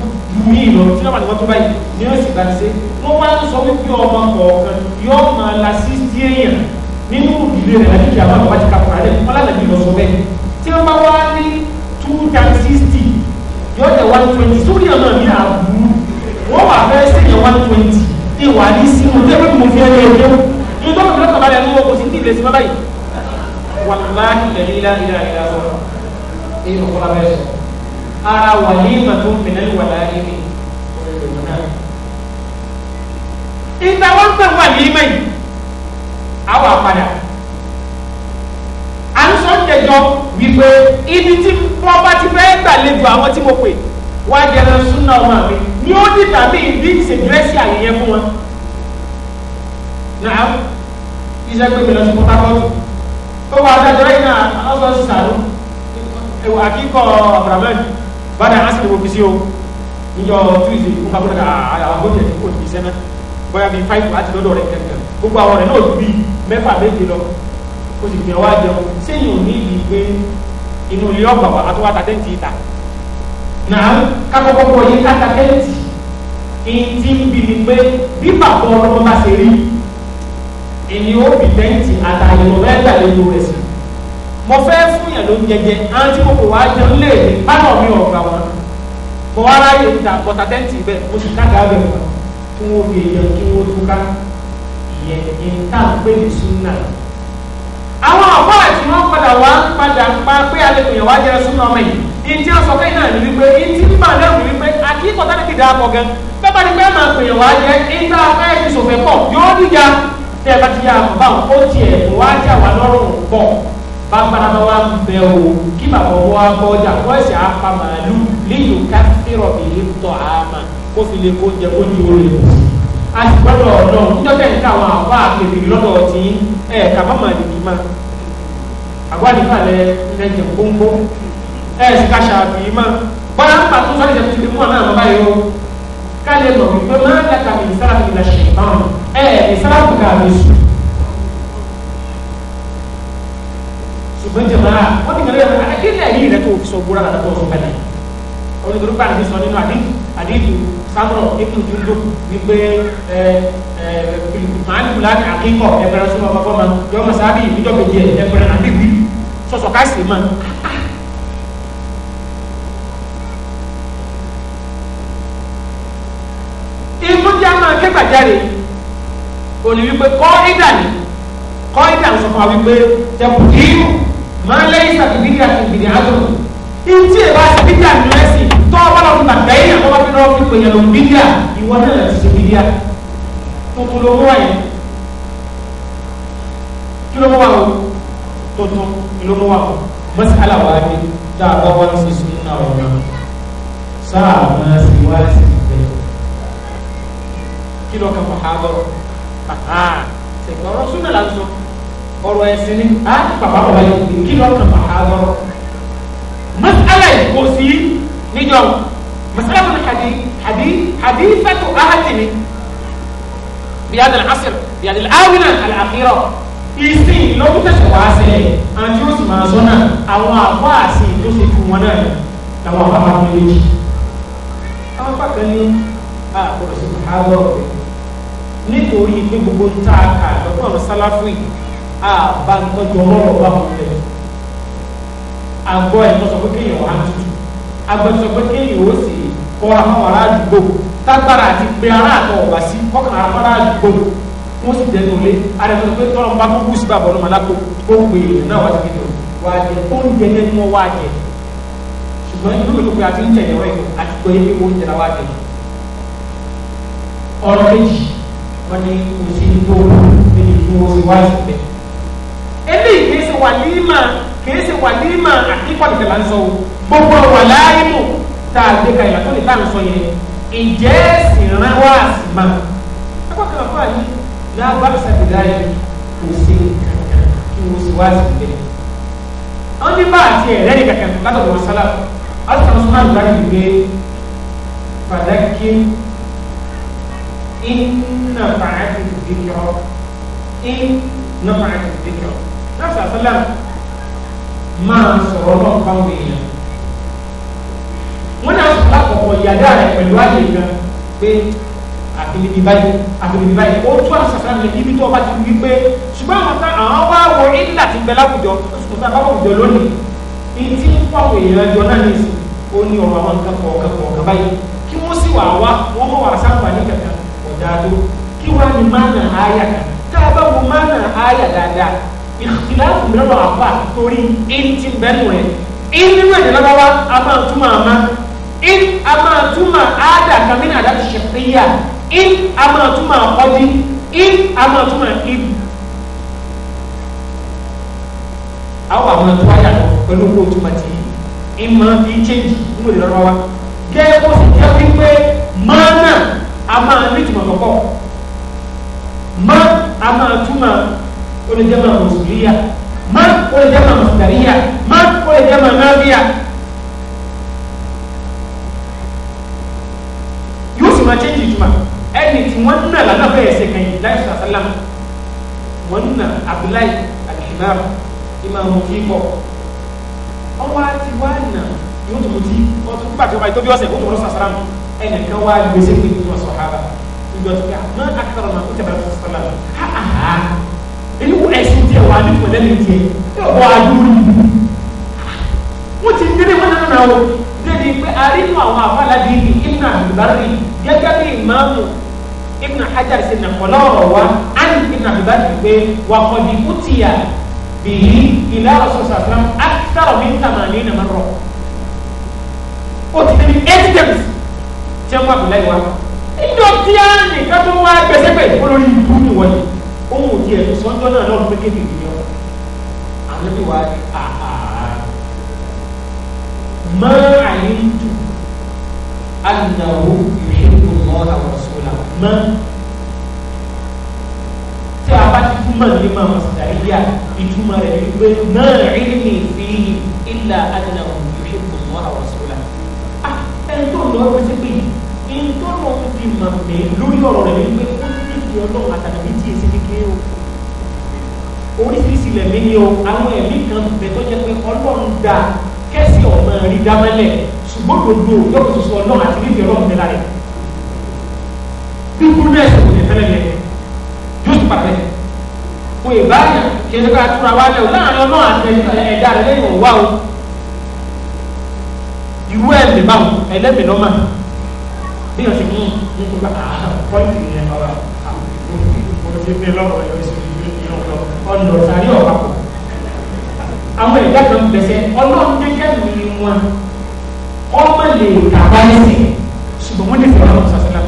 Speaker 1: mí lọ tí wọ́n wà nímọ̀ tó báyìí ni ó sì gbà ṣe wọ́n wá sọ wípé ọmọ kọ̀ọ̀kan yóò máa la sí sí èèyàn nínú ìdílé rẹ̀ láti kí àwọn àbájáde kàkúrà rẹ̀ wọ́n lálẹ́ bí lọ sọ bẹ́ẹ̀ tí wọ́n bá wá ní two times sixty yóò jẹ́ one twenty sórí ọ̀nà mi àbúrú wọ́n wà fẹ́ sẹ́yìn one twenty ní wà ní sí mo tẹ́ mo fi ẹni ẹ̀jẹ̀ o ní tó kọ́ kọ́ balẹ̀ ní wọ́n kò sí ní ilé sí báyìí wà láàyè lẹ́yìn ilá ilá ilá sọ̀rọ̀ ní ìlú kọ́lá bẹ́ẹ̀ sọ ara wà ní ìmọ̀ tó ń pinnu àlejò àwọn tí mo pè wá jẹrán súnà ọmọ mi ni ó dìgbà mí bí ìṣèdírẹ́sì àyẹ̀yẹ fún wọn. nàá iṣẹ́ pé mi lọ sí port harcourt ó wà adájọ́ yìí náà ọ̀sán sì sàánú ẹ̀wọ̀ àkíkọ́ abdulhamid bàdà àṣìlè wo fi sí o níjọ tuesday fún kakúrẹ́ ká àwọn agbóhùn ẹ̀kọ́ ti sẹ́nà bóyá bíi five àti lọ́dọ̀ rẹ̀ kẹ̀kẹ́ gbogbo àwọn rẹ̀ náà ju bíi mẹ́fà méje lọ o sì gbìyànjú àjẹun sẹ́yìn ò ní ìlú pé inú ilé ọgbà wà á tó wá ta tẹ́ǹtì ìta náà kakọ́kọ́ bọ̀ yí kátàkẹ́ẹ̀tì ìdí bí mi pé bí bàbá ọlọ́mọ bá ṣe rí èmi ó bì tẹ́ǹtì àtàyè mo fẹ́ gbà lójú rẹ̀ sí mo fẹ́ fún yàn ló ń jẹjẹ àwọn tí mo kò wá jẹun lé mi bánà mi ò gbà wọn mo wá ráyè ta bọ́tà tẹ́ǹtì bẹ́ẹ̀ mo sì ká gàá bẹ̀ wọn kí wọ́n fi èèyàn kí wọ́n túká ìyẹn ìyẹn tá à ń pè ní súnà àwọn àbọ̀ àti wọn padà wá padà pa pé alẹ́ kò wá jẹ́ súnà ọmọ yìí ìtí asọ̀kẹ́ náà ní wípé ìtí nígbà lẹ́rù wípé akíkọ̀ tá níbi dáàbọ̀ gan bẹ́ẹ̀ bá ní pé máa pèèyàn wá jẹ́ ìta afẹ́ ti sòfẹ́ pọ̀ yóò dìjà tẹ́ ẹ bá ti yá àmọ́ báwọn ó tiẹ̀ wá jà wá lọ́rùn pọ̀ bambarama wa ń bẹ o kí bàbá wa bọ́ ọjà wọ́n sì á pa màálù lílo káfíńrọ̀ bìí tọ́ àmà kó fi lè kó jẹ kó ní orí o asigbọdọ ọdọ níjọba ẹni ẹ sì ká ṣàbí mọ́ bọ́lá ń pàtó sọ́ọ́ ìjẹ́pù ti mú ọ̀nà àwọn báyìí o ká lè mọ̀ wípé máa ń lẹ́ka mi sálábì ilẹ̀ ṣèbọn ẹ ẹ̀ sálábì ká mi sùn. ṣùgbọ́n jẹ̀ máa wọ́n ti gbẹ̀rẹ̀ yàrá akílẹ̀ yìí rẹ̀ tó fi sọ gbóra àti ọ̀sọ̀ bẹ̀rẹ̀ ọ̀rọ̀ ìdúró bá àdìsọ nínú àdìsù sábọ̀ ètò ìdúró wípé ẹ ẹ màálù láti àkíkọ̀ ẹgbẹ̀rẹ̀ sọ́mọ́ jáde òní wípé kọ́ídà ni kọ́ídà ń sọ fún wa wípé tẹ̀kùdìmù máa lẹ́yìn sàbìbìdì àti ìbìdì àjọ ìtì ìbá sí bídíà ní ẹ̀sìn tó ọba lọ fún bàtà yìí àkọ́kọ́ bí lọ́wọ́ fi pèyàn lòún bídíà ìwọ náà lè ṣe bídíà tuntun ló mú wáyé kí ló mú wá o tuntun kí ló mú wá o mọ́sálà wá ní tá a bá wá sí sunna ọ̀rọ̀ sáà máa sì wá sí kí lọ kàn mọ̀hábọ̀rọ̀ ṣègbè ọ̀rọ̀ súnmọ́ là ń sọ ọ̀rọ̀ ẹ̀sìn ni á bàbá bàbá yìí kí lọ kàn mọ̀hábọ̀rọ̀ masala yìí kò sí níjọ masala wọn hadi hadi hadi fẹ́tọ̀ ahadi ni bíyàdì al-asr bíyàdì al-awina al-akhira ìsìn lọ́kùtẹ̀sẹ̀ wá sílẹ̀ àti ó sì máa sọ náà àwọn àbọ̀ àti ìdóṣèkú wọn náà làwọn àbá wọn méjèèjì àwọn pàkànní àkọlọsí àbọ̀ rẹ̀ nítorí pé gbogbo ń ta àkà lọ́dún àwọn sáláfù yìí àbá ń tọ́jú ọlọ́rọ̀ bá wọn tẹ̀lé àgọ́ ẹ̀tọ́ sọ pé kéèyàn wà á tutù àgbẹ̀ sọ pé kéèyàn ó sì kọ́ra fáwọn ará àdúgbò tágbára àti pé ará àtọ̀ wà sí kọ́kànlá ará àdúgbò wọ́n sì dẹnu lé arẹ́fẹ́ pé tọ́lọ́ ń bá kúkú sí bàbá ọlọ́mọlá kó ó pè é náà wá sí kéde wá jẹ oúnjẹ yẹn ni wọ́n wá jẹ ṣùgbọ́n ìlú ìlú pé a ti ń jẹ̀yẹ̀ wẹ̀ àti pé ewu oúnjẹ la wá jẹ ọ̀rọ̀ méjì wọ́n ní kò sí tó níbi tí wọ́n ti wá ìpẹ́. eléyìí kìí ṣe wàlímà kìí ṣe wàlímà àdìpọ̀lù tẹ̀lá ń sọ o gbogbo wà láìmù tá a gbé ka ìyàtọ̀ nípa ń sọ yẹn ìjẹ́ sì rán wá sí ma. ẹgbẹ́ kan fún àyè lábá ṣàbẹ̀dá yẹn kò sí kí wọ́n ti wá sí ìpẹ́. wọ́n ní bá àti ẹ̀rẹ́ ní kàkẹ́ látọ̀ wọn sálà àti àwọn sọ́nà ìgbà إن نفعت الذكر إن نفعت الذكر نفس الله máa sọ̀rọ̀ náà fáwọn èèyàn wọ́n náà lákọ̀ọ́kọ́ yàrá rẹ̀ pẹ̀lú àyè gan pé àfinibi báyìí àfinibi báyìí ó tún àṣàṣà ní ibi tó ọba ti wí pé ṣùgbọ́n àwọn tá àwọn wá wọ ilà ti bẹ láwùjọ oṣù tó àwùjọ lónìí ní tí ń pàwọ̀ èèyàn jọ náà nìyí ó ní ọ̀rọ̀ àwọn nǹkan kọ̀ọ̀kan kọ̀ọ̀kan báyìí kí wọ́n sì wà wá wọ́n mọ̀ wà sáǹfà ní kẹ̀kẹ́ dáa tó kí wàá ní mánà àyà tá a bá wo mánà àyà dáadáa ìfìlàfù mìíràn wà fà torí eighty bẹ́ẹ̀nù rẹ̀ inú ẹ̀ lọ́wọ́ a máa túmọ̀ àmá in a máa túmọ̀ àádà kàmínà àdá ti ṣèpéyà in a máa túmọ̀ àkọ́dí in a máa túmọ̀ ibi. àwọn àwọn ẹ̀tọ́ àyà pẹ̀lú owó tó máa ti ìmọ̀ bíi change ń wèlé lọ́wọ́ wa gẹ́gẹ́ bó ti jẹ́ wípé mánà a máa ní ìtumọ̀ kọ̀kọ́ má a máa túmọ̀ olùjẹ́mọ̀ mùsùlùmíyà má olùjẹ́mọ̀ mùsùlùmíyà má olùjẹ́mọ̀ nàbíyà yóò sì máa change ìtumọ̀ ẹni tí wọ́n nà lánàá bẹ́ẹ̀ ṣe kàn yìí láì sàlámù wọ́n nà abdullahi alhimar imaamu kíkọ́ ọwọ́ àti wàhánà yóò tó mú ti ọtún gbàgbọ́ báyìí tó bí ọ̀sẹ̀ ó tó mú lọ́sàn-án ẹnìkan wá gbèsè kí nínú sọ̀hábà níjọ́ tó kí àná akọ̀rọ̀ náà kó tẹ̀lé ọ̀sán sọ̀lá ha ha ha èyí wọ ẹ̀sìn tiẹ̀ wà ní pẹ̀lẹ́ ní tiẹ̀ ẹ̀ wọ adúrú wọ́n ti délé wọn nínú náà o débi pé arínú àwọn afáàládìí ní ibn abdulbari gẹ́gẹ́ bí ìmáàmù ibn hajar ṣe nàkọ́lá ọ̀rọ̀ wa ani ibn abdulbari pé wàkọ̀dì kùtìyà bìí ìlà ọ̀sán sàlám akitaro mi ń tàmà ní ìnàmọ́rọ̀ o ti débi eight times tí wọ́n fàbí láì wá níjọ tí a nìkan tó wá gbẹsẹ̀gbẹ̀ olórí ìlú nìwọ̀n yìí ohun òdi ẹ̀sùn sọ́jọ́ náà lọ́rùn pé kéde ìdíyẹ wọn àwọn ẹbí wa ni máa àyíjú alìyàwó ìṣèlú ọ̀la wọ̀sọ̀la mọ́ tí a bá ti fún mọ̀ ní ma masdariya ìtumọ̀ rẹ̀ ni pé máa ilmi fi ilà alìyàwó ìṣèlú ọ̀la wọ̀sọ̀la ẹni tó lọ́ọ́ pẹ́sẹ́ pé yìí máa pè é lórí ọ̀rọ̀ rẹ̀ wípé ó ní ìdí ọlọ́run àtàlẹ́ méjì èsì kékeré o oríṣiríṣi lẹ̀mí ni o àwọn ẹ̀mí kan bẹ̀ tó jẹ́ pé ọlọ́run dà kẹ́sì ọ̀nà rí dámẹ́lẹ̀ ṣùgbọ́n gbogbo yóò tuntun ọlọ́run àti níbi ọlọ́run tẹ́lá rẹ̀ bíbú náà ṣe kò ní tẹ́lẹ̀ lẹ̀ yóò ti pàtẹ́ o ìbáyà kí ẹni ká túra wálẹ̀ o láàrin ọlọ́run àti ẹ̀dá rẹ̀ lẹ́yìn òwá o ìwé ẹ̀mí bí o ṣe ní ní gbogbo àpọ́ǹtì yẹn ọ̀rọ̀ òṣèlú mi lọ́wọ́ ẹ̀yọ́ ìṣèlú mi lọ́wọ́ ọ̀nà ọ̀sàrí ọ̀pàpọ̀ àwọn ẹ̀dá kan bẹ̀sẹ̀ ọlọ́run jẹ́jẹ́ mi wọn ọmọ lè tàbá lẹ́sẹ̀ ṣùgbọ́n wọ́n lè fi ọlọ́run sàṣẹ́lá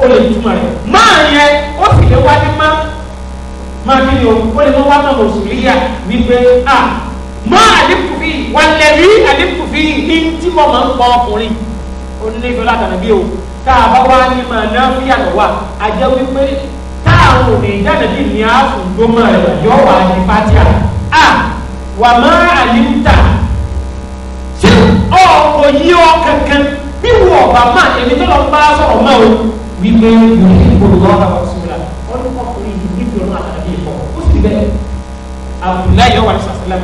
Speaker 1: ó lè túmọ̀ rẹ̀ máa yẹ ó sì lè wá ní má máa kí ni o ó lè mọ́ wá náà òṣèlú yà wípé a ah, máa àdínkù bíi wà lẹ́rí àdínkù bíi ní tí wọ́n máa ń pọ ọkùnrin onílẹ̀jọ́ látàná bí o tá a bá wá ní máa ná fíyàtọ̀ wa a jẹ́ wípé táwọn òní ìdánilẹ́bí ni a sùn gbọ́mọ rẹ̀ yọ wà ní pátíà a wà má àyíntà tí ọkọ̀ yí ọ kankan bí wọ́n ọ̀bà má èmi tó lọ bá sọ̀rọ̀ mọ́ o wípé yòókù olùkọ́ ọ̀gá wa sùn la ọdún kọ́kùnrin yìí níbi ọ̀nà àtàlẹ́bí ìfọ̀ ó sì bẹ́ẹ̀ Abdullahi ọ̀wà sàṣẹ́lẹ̀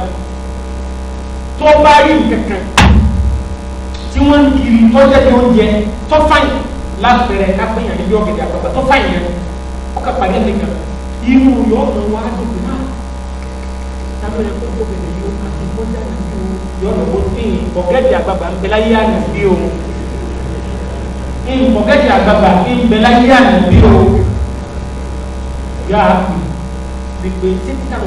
Speaker 1: tó bá rí nǹkan tí wọ́n ń kiri tọ́jà bí oúnjẹ tó fàyè lápẹ̀rẹ̀ kápẹ́yàn ní yọ̀gẹ̀dẹ̀ àgbàgbà tó fàyè yẹn ó kà pàdé nìkan inú yọ̀ ọ̀nà wa dùn náà tábìlì ẹ̀kọ́ tó bẹ̀rẹ̀ yóò àti bọ́jà nìkan yọ̀ ọ̀nà wo tí ọ̀gẹ̀dẹ̀ àgbàgbà ń bẹ láyé àná bí o ọ̀gẹ̀dẹ̀ àgbàgbà ń bẹ láyé àná bí o yà á pè pé ṣé títà ló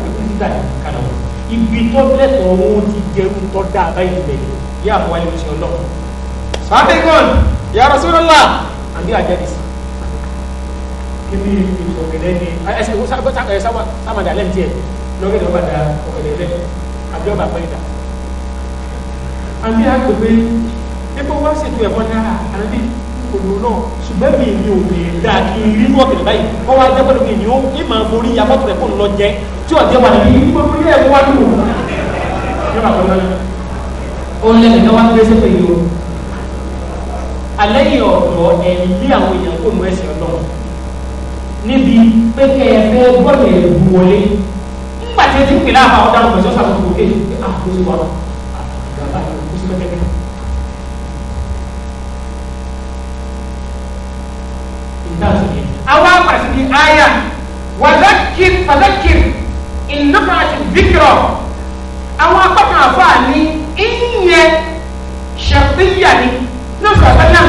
Speaker 1: ti kú ibi tó lẹ́tọ̀ọ́ wọn ti jẹun tó dáa báyìí bẹ̀rẹ̀ yí àwọn ẹni tí ọlọ́ sàbẹ̀gàn ya Rasulullah àbí àjẹbìsì kíbi ọ̀gẹ̀dẹ̀ ni ẹsẹ̀ sábàdà lẹ́nu tiẹ̀ lọ́gẹ̀dẹ̀ ọba da ọ̀gẹ̀dẹ̀ lẹ́nu àbí ọba pẹ́ ìdá àbí àgbègbè ẹgbẹ́ wá ṣètò ẹ̀kọ́ náà àbí òdò náà ṣùgbọ́n mi ni ò lè dá kí n rí mú ọ̀gẹ̀dẹ̀ báyìí wọ́n wá jẹ́ pẹ̀lú mi ni ó ní màá forí ya mọ́tò rẹ̀ kó ń lọ jẹ tí ọ̀jẹ̀ òun lẹ́nu náà wá ń gbèsè pé yìí o alẹ́ yìí ọ̀dọ́ ẹ̀ lé àwọn èèyàn kó nu ẹ̀sìn ọlọ́run níbi pé kẹ́ ẹ fẹ́ gbọ́dọ̀ ẹ̀ bu wọlé nígbà tí ẹ ti ń pè láàbà ọ̀dà ọ̀gbọ̀n tí ó sàkóso kò kéde pé à kó sí wa bàbá mi kó sí pẹ́kẹ́pẹ́. àwa pàṣẹ bíi àyà wàzákìr fàzákìr ìnáfàṣì bíkìrọ̀ àwọn akọ́kàn àfáà ní ìyẹn ṣàpéyà ni lọ́sọ̀ àbájá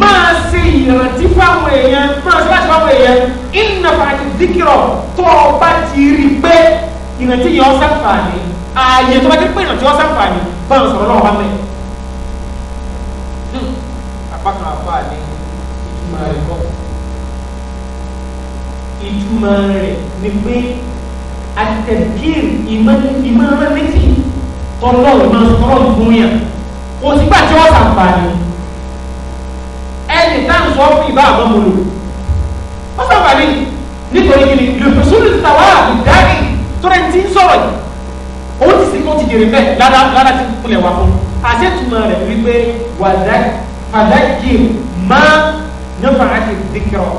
Speaker 1: máa ṣe ìrántí fáwọn èèyàn máa ṣe láti fáwọn èèyàn ìnà fàájì díkìrọ̀ tó o bá ti rí pé ìrántí yẹn ọ sàǹfààní ààyè tó bá ti pé ìrántí ọ sàǹfààní bá ń sọ̀rọ̀ lọ́wọ́ mẹ́. Hmm. apákan àfààní ìtumọ̀ rẹ̀ kọ́ ìtumọ̀ rẹ̀ ni pé àtẹ̀gíìrì ìmọ̀ ìmọ̀ rẹ̀ létí tọlọ́run máa tọlọ́run fún yàn kò sígbà tí wọ́n sàǹfààní ẹni táwọn sọ fún ìbá àwọn ọmọ lòlù wọ́n sàǹfààní nítorí kí ni lùfẹ̀sùlù ti tàwa àbùdáì torí ti ń sọ̀rọ̀ yìí òun ti sìnkú ti jèrè bẹ́ẹ̀ lára lára ti kulẹ̀ wá fún àtẹ̀tùmọ̀ rẹ̀ wípé wàdáìkì máa nípa àti dìkìrọ̀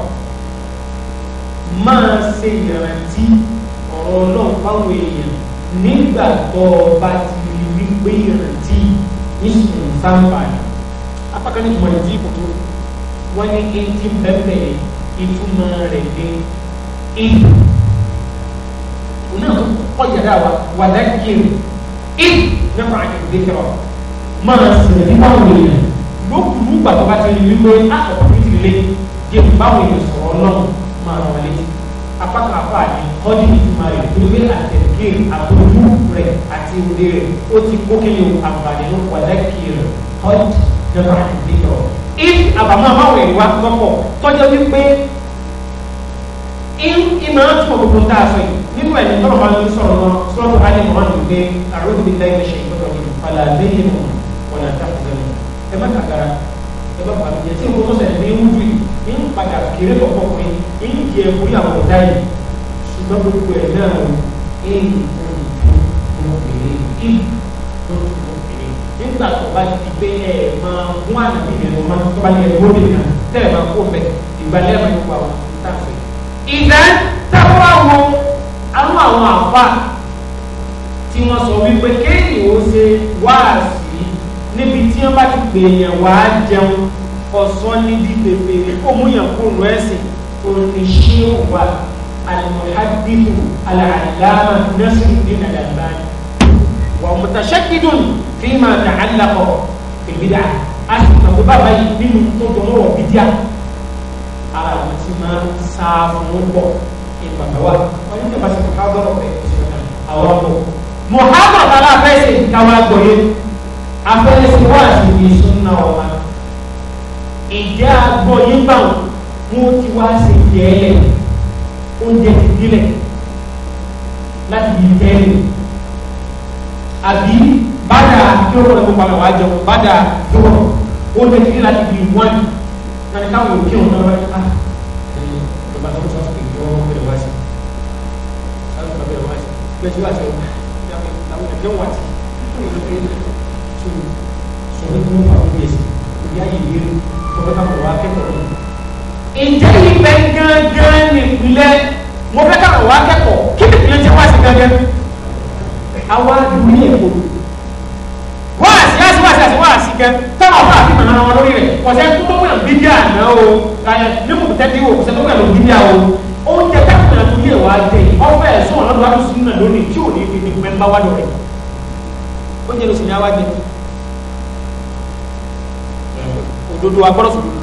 Speaker 1: máa ṣe ìrántí ọ̀rọ̀ náà fáwọn èèyàn nígbà tó o bá ti wípé ìrántí ìṣẹ̀ǹsánfààní apákan ní ìtumọ̀ ìdí ìkòtò wọ́n ní kí n ti bẹ́ẹ̀ ìtumọ̀ rẹ̀ dé ìlú òun náà kọ́ yàrá wa wà lákìrì Mas, nípa àkìrì kẹrọ máa sẹ̀rẹ̀ nípa òun èèyàn lókùnrin gbàgbọ́ bá ti rí wípé àkọ́kọ́ ní ti lé jẹun báwọn èèyàn apákan apá ni ọdí ìtumọ̀ rẹ̀ torí àtẹ̀lé àtọ́jú rẹ̀ àti ìwé rẹ̀ ó ti kókèlè àǹfààní ló wà lẹ́kì rẹ̀ ọdí ìjọba àti ìjọba. if àbámọ́ àbáwọ̀ ìwà lọ́pọ̀ tọ́jọ́ wípé ìmọ̀ àtúmọ̀ gbogbo tá a sọ yìí nínú ẹ̀ ní tọ́lọ̀ máa ń sọ̀rọ̀ náà sọ́lọ́tò á ní mọ̀ máa ń gbé àròjù bí láì ṣe ìgbọ́dọ̀ ní ìpalà lẹ́yìn mọ̀ wọn àtàkùn ẹ̀ mọ̀ ẹ má kàkàrà padà kéré lọ́pọ̀ pé èyí jẹ́ orí àwọn ọ̀dá yìí ṣùgbọ́n gbogbo ẹ̀ náà ó èyí ọmọbìnrin yìí ọmọbìnrin nígbà tó bá ti gbé ẹ̀ máa mú àdàbí ẹ̀rọ máa tó bá ní ẹ̀rọ ó dènà tẹ́lẹ̀ máa kó bẹ̀ ìgbàlẹ́ máa yọ̀pọ̀ àwọn táfẹ́. ìdá táwọn àwọn àwọn àwọn àfa tí wọ́n sọ wípé kéèyàn ó ṣe wáàsí níbi tí wọ́n bá ti gbèèyàn wàá jẹun ọ̀sán níbi pèpèrè kó múyàn kó nù ẹ̀sìn òní ṣé wà alimọ̀hábíbù alàlámà Nasiruddin Al-Albani wà mùtàṣẹ́kìdùn fi máa dà á lakọ̀ ìbídà á sì mọ̀ pé bàbá yìí nínú tó dọ̀mọ́ wọ̀ bídíà ara wọn ti máa ń sá fún bọ̀ ìgbàgbọ́ wa wọn yóò bá ti kọ́ káwọ́ bọ̀ bẹ́ẹ̀ àwọn ọmọ
Speaker 2: mọ̀hábà tàlà káwọn agbọ̀yé
Speaker 1: afẹ́lẹ́sẹ̀ wá sí ìṣúná ọ̀ma ìjẹ́ àgbọ̀ yín gbà wọn wọn ti wá sí ìjẹ́ ẹlẹ̀ oúnjẹ ti dílẹ̀ láti di ìjẹ́ ẹlẹ̀ àbí bàdà àdúgbò rẹ̀ gbogbo àwọn àjọ bàdà àdúgbò oúnjẹ ti dílẹ̀ láti di ìwọ́n nàní káwọn òkè òun náà rẹ̀ á ẹ̀yìn ìjọba tó ń sọ pé ìjọba ìyáyí ìlú pọfẹsà kọwà kẹ́kọ̀ọ́ yìí. ǹjẹ́ ibẹ̀ gángan nìpínlẹ̀ mo fẹ́ ká wà kẹ́kọ̀ọ́ kí nìpínlẹ̀ ti wá sí gángan. àwa dùn ní èkó wá sí wá sí wá sí àti wá sí gẹ táwọn afọ àti màmá wọn lórí rẹ̀ kọsẹ tó mọ bíbí àná o ní kò tẹ́tí o kọsẹ tó mọ bíbí àná o ó jẹ káàkiri àti ilé wa jẹ ọfẹ ẹsùn ọlọdún wa tó sínú náà lónìí tí ò ní fi ní mẹmbá wá lọ rẹ ó jẹ lọ sí ní awájẹ òdodo agbọ́dọ̀ sọ̀rọ̀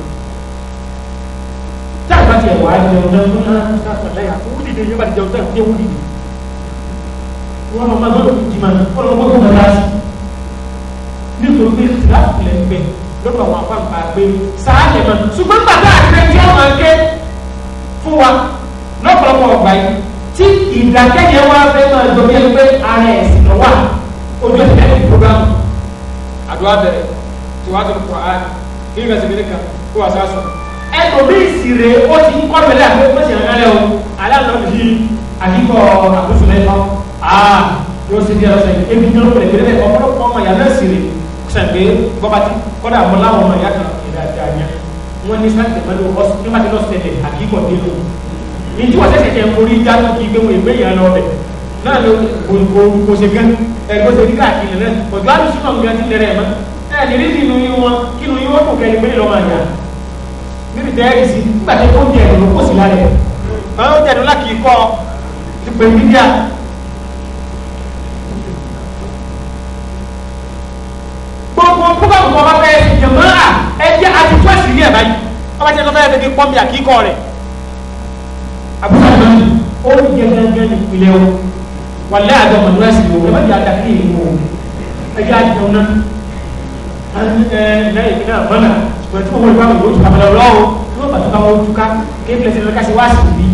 Speaker 2: tá a bá tiẹ̀ wá jẹun náà ló náà
Speaker 1: ká sọ̀rọ̀ lẹ́yà kó wúlì dé yóò bá ti jẹun náà jẹ́ wúlì dé wọ́n máa gbọ́dọ̀ fi jì máa wọ́n lọ́wọ́ kó máa láti nítorí pé láti lẹ̀ ń bẹ̀ lọ́dọ̀ àwọn afáǹfà pé sáàlẹ̀ máa ṣùgbọ́n bàbá àgbẹ̀ jẹ́ ọmọ ké fún wa lọ́pọ̀lọpọ̀ ọgbà yìí tí ìdákẹ́yẹ wa fẹ́ máa jọ bí ẹni pé ara ẹ̀sìn lọ́wọ́ àdúrà bẹ̀rẹ̀ tiwájú Qur'an kí n kàṣẹ́ kan kó wà sáà sùn. ẹ tó bí ìsìrè ó ti ń kọ́ mẹ́lẹ́ àti ó sì ń rẹ́lẹ́ o aláàlọ́bì àdìkọ àkóso lẹ́kọ́ aa yóò ṣe bí ọ̀sẹ̀ ebi ní olóko lẹ́gbẹ̀rẹ́ bẹ́ẹ̀ ọ̀pọ̀lọpọ̀ ọmọ yàrá ìsìrè sàgbé bọ́bátì kọ́dà mọ́ láwọn ọmọ yàrá ìrìn àti àyà wọn ní sáà tẹ̀mẹ́lú ọ̀sẹ̀ nígbà tí lọ́sẹ̀ tẹ̀lé àkíkọ̀ nílò ìdí wọ́n tẹ̀sẹ̀ tẹ̀ ń borí jáde o o o o lọ bẹ̀ náà o kò ṣe gán ẹ̀gbọ́n ṣe o káàkiri náà ọ̀dọ́ àdúgbò náà ń gbé ẹ̀ ní rídì inú yín wọn kí inú yín wọ́n kò kẹ́ni méjì lọ́mọ àjà níbi tẹ́ẹ̀rì sí nígbà tó ń jẹ ló kó sí lára ẹ̀ ọ̀hún jẹ ẹ̀dùn láti kọ́ ìpè mídíà. gbogbo púpọ̀ kò bá fẹ́ jẹ̀mọ́ à ẹ jẹ́ àtijọ́ àṣírí ẹ̀ báyìí ọba jẹ́ lọ́fẹ́ ẹ̀fẹ́ kí pọ́ǹpì àkíkọ́ rẹ̀ àbúrò àná ó ń jẹ a ní ẹ lẹ́yìn ìpínlẹ̀ ọ̀gbọ́nà ṣùgbọ́n tí mo wọlé bá wọn yóò tún àbẹ̀lẹ̀ ọlọ́wọ́ tí wọ́n bàtà wọn ojú ká kéèké lẹ́sẹ̀ lọ́ka sí wá sí ìbí.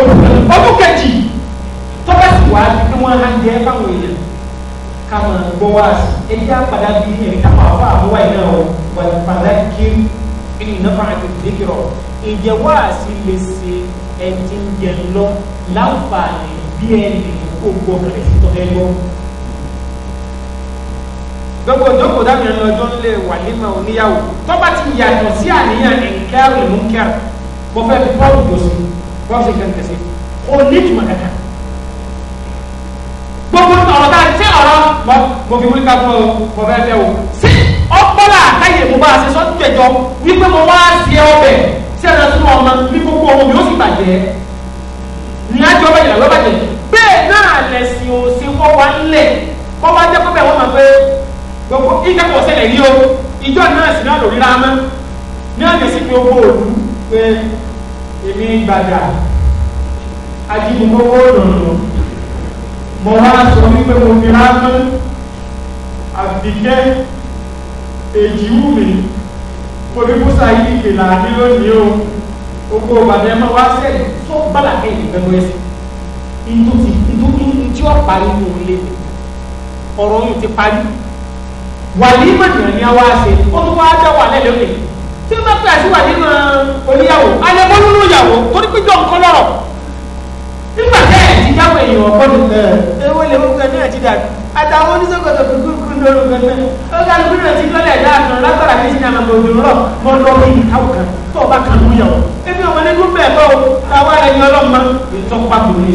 Speaker 1: ọdún kejì tọ́ka sì wá kí wọ́n á jẹ́ fáwọn èèyàn ká máa gbọ́ wá sí ẹjẹ́ àpàdá bí ẹ̀rí ká máa fà àbúwá iná o wà pàdá kí ìnà fàájì dékìrọ̀ ìjẹ́ wá sí lè ṣe ẹ̀jẹ̀ ń jẹ lọ láǹfààní bí ẹni kó gbọ́ kẹ̀lẹ́ sí tọ́ gbogbo ìjókòó dábìí ẹni ọjọ́ ńlẹ̀ wàlímà oníyàwó tó bá ti yàtọ̀ sí àníyàn ẹ̀ńkẹ́rù ìmúkẹ́rù mo fẹ́ fi pọ́ọ̀lù jọ́sí pọ́ọ̀lù kan kẹsí kò ní ìtumọ̀ kankan gbogbo ọ̀rọ̀ tá a ti ọ̀rọ̀ mọ́ mo fi wúlíkà fún ọ mo fẹ́ fẹ́ o sí ọpọlọ àkáyè mo bá a ṣe sọ́dún jẹjọ wípé mo wá sí ọbẹ̀ sí ẹ̀rọ sínú ọmọ ní gbogbo ọmọ mi ó sì bàjẹ́ ní ajọ́ bàjẹ́ làlọ́ bàjẹ́ bẹ́ẹ̀ náà lẹ̀sìn òsè kọ́ wa ńlẹ̀ kọ́ wa jẹ́ kọ́ bẹ́ẹ̀ wọ́n máa fẹ́ gbogbo ìjẹ́kọ̀ọ́ ṣẹlẹ̀ rí o ìjọ náà sì náà lórí rámọ́ ní ọ̀dẹ̀ sí pé owó òdu pé èmi gbàgbà ajínigbówó lòlò mo wá sọ wípé mo fi rámọ́ àbíkẹ́ èjì wù mí mo fi kó sáyé ìkìlà àdé lónìí o gbogbo bàbá ẹ máa wá sẹ́yìn tó bàlá kẹ́yìn ìgbẹ́nu ẹ̀sìn ìdúntì ìdúntì tí ó parí ní òun lé ọ̀rọ̀ yìí ti parí wàlímà nìyẹn ni a wá ṣe ó tún wá dá wà lẹ́lẹ́ òkè tí wọ́n bá pè àti wàlímà oníyàwó alẹ́bọ́ nínú ìyàwó torí pé jọ nǹkan lọ́rọ̀ nígbà tẹ́ ẹ̀ ti dáwọ́ èèyàn ọ̀gbọ́dọ̀ ewé lè mú kan náà ti dàbí àtàwọn oníṣègùn tó kúkú lóru kan náà ó ká lóko náà ti lọ́lẹ̀ dáàtàn látara méjì náà mọ̀ òdòdó rọ̀ mọ́ lọ́ bí ìtawọ̀ kan tó o bá kàn mú yàwó ebi ọmọ ní gbogbo ẹ̀ bọ́ táwa ẹni ọlọ́mọ ìtọ́pá kò ní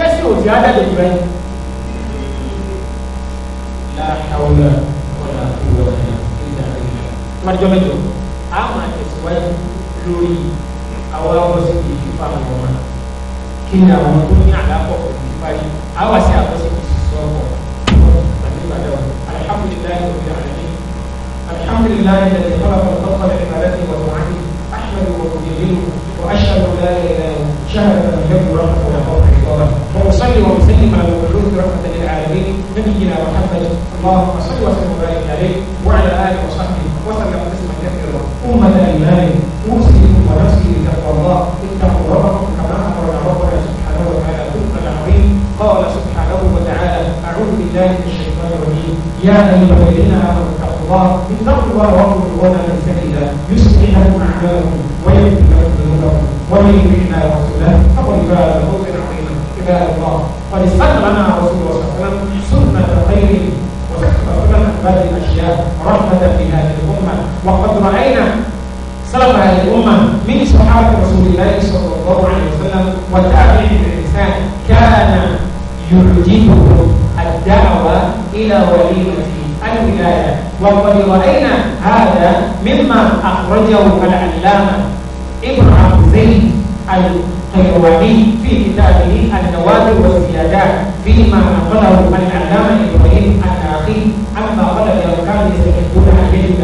Speaker 1: sẹ́sì ò ti ádájọ́ ìgbà yìí. láàáwọ̀lá ọ̀nà àkúrò ọ̀nà ìlà ìlà. mọ́jọ́ mẹ́jọ a máa tẹ̀síwájú lórí àwọn ọmọ sí ìfipá àwọn ọmọ kí ni àwọn tó ní àdàpọ̀ أخرجه العلامة ابن عبد زيد في كتابه النوادر والزيادات فيما نقله من العلامة إبراهيم الآخي عما قال الأركان يستحقون أن يجد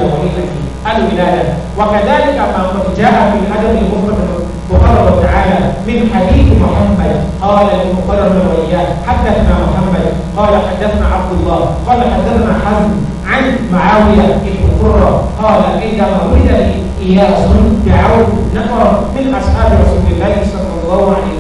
Speaker 1: الولادة وكذلك ما قد جاء في الأدب المفرد مقرر تعالى من حديث محمد قال المقرر وإياه حدثنا محمد قال حدثنا عبد الله قال حدثنا حزم عن معاوية ابن الكرة قال عندما ولد لي إياس دعوت نفرا من أصحاب رسول الله صلى الله عليه وسلم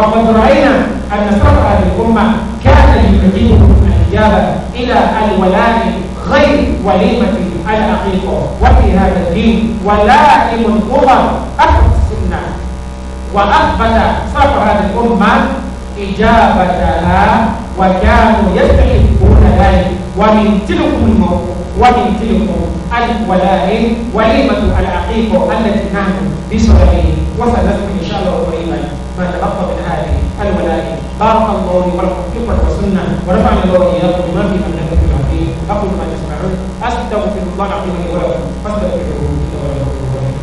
Speaker 1: وقد رأينا أن سبب الأمة كان يمكنهم الإجابة إلى الولاء غير وليمة العقيقة وفي هذا الدين ولائم الأمم أحد السنة وأثبت سبب الأمة إجابتها وكانوا يستحبون ذلك ومن تلكم ومن تلكم الولاء وليمة العقيقة التي نحن بسببه وسنذكر إن شاء الله بارك الله لي ولكم في القرآن والسنة ونفعني الله وإياكم بما فيه من نبي العظيم أقول ما تسمعون أستغفر الله العظيم لي ولكم فاستغفروه إنه هو الغفور الرحيم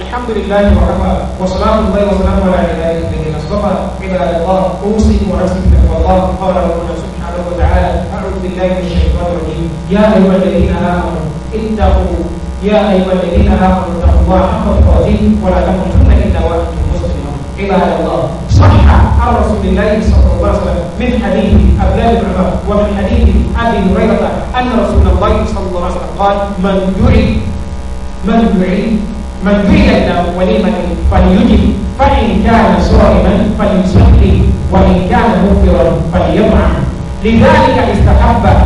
Speaker 1: الحمد لله وكفى وصلاة الله وسلامه على عباده الذين اصطفى عباد الله اوصيكم ونفسي بتقوى الله قال ربنا سبحانه وتعالى اعوذ بالله من الشيطان الرجيم يا ايها الذين امنوا اتقوا يا ايها الذين امنوا وعمر عما القائلين ولا تموتن الا وانتم مسلمون عباد الله صح عن رسول الله صلى الله عليه وسلم من حديث ابلال بن عمر ومن حديث ابي هريره ان رسول الله صلى الله عليه وسلم قال من دعي من دعي من دعي الى وليمه فليجب فان كان صائما فليصلي وان كان مغفرا فليطعم لذلك استحب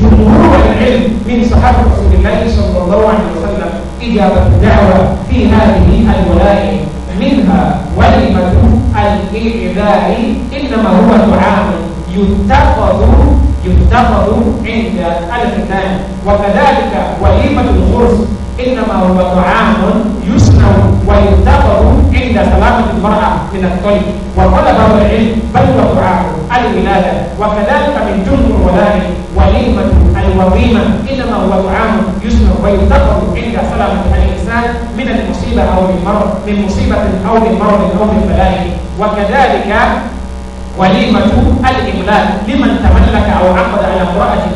Speaker 1: جمهور العلم من صحابه رسول الله صلى الله عليه وسلم إجابة الدعوة في هذه الولاية منها ولمة الإعذار إنما هو دعاء يتخذ يتخذ عند الختان وكذلك وليمة الغرس إنما هو دعاء يسمع ويتخذ عند سلامة المرأة من وقال وطلب العلم بل ودعاء دعاء الولادة وكذلك من جنب الولاية وليمة والوظيمة إنما هو طعام يسمى ويتقر عند سلامة الإنسان من المصيبة أو من من مصيبة أو من مرض أو من بلاء وكذلك وليمة الإملاك لمن تملك أو عقد على امرأته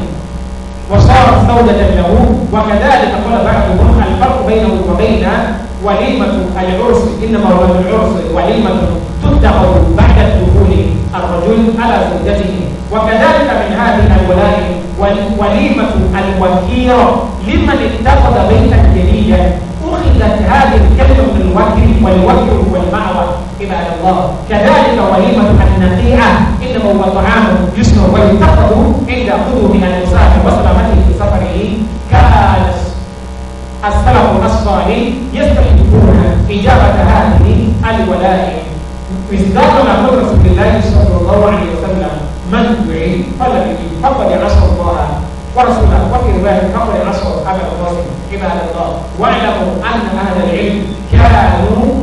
Speaker 1: وصارت سودة له وكذلك قال بعضهم الفرق بينه وبين وليمة العرس إنما هو العرس وليمة تدخر بعد دخول الرجل على زوجته وكذلك من هذه الولائم والوليمة الوكيرة لمن اتخذ بيتا جليا أخذت هذه الكلمة من الوكر هو والمعوى عباد الله كذلك وليمة النقيعة إنما هو طعام يسر ويتخذ عند قدوم المسافر وسلامته في سفره كان السلف الصالح يستحقون إجابة هذه الولائم ازدادنا من رسول الله صلى الله عليه وسلم من يعين طلب فقد عصى الله ورسوله وفي روايه فقد عصى ابا القاسم عباد الله واعلموا ان اهل العلم كانوا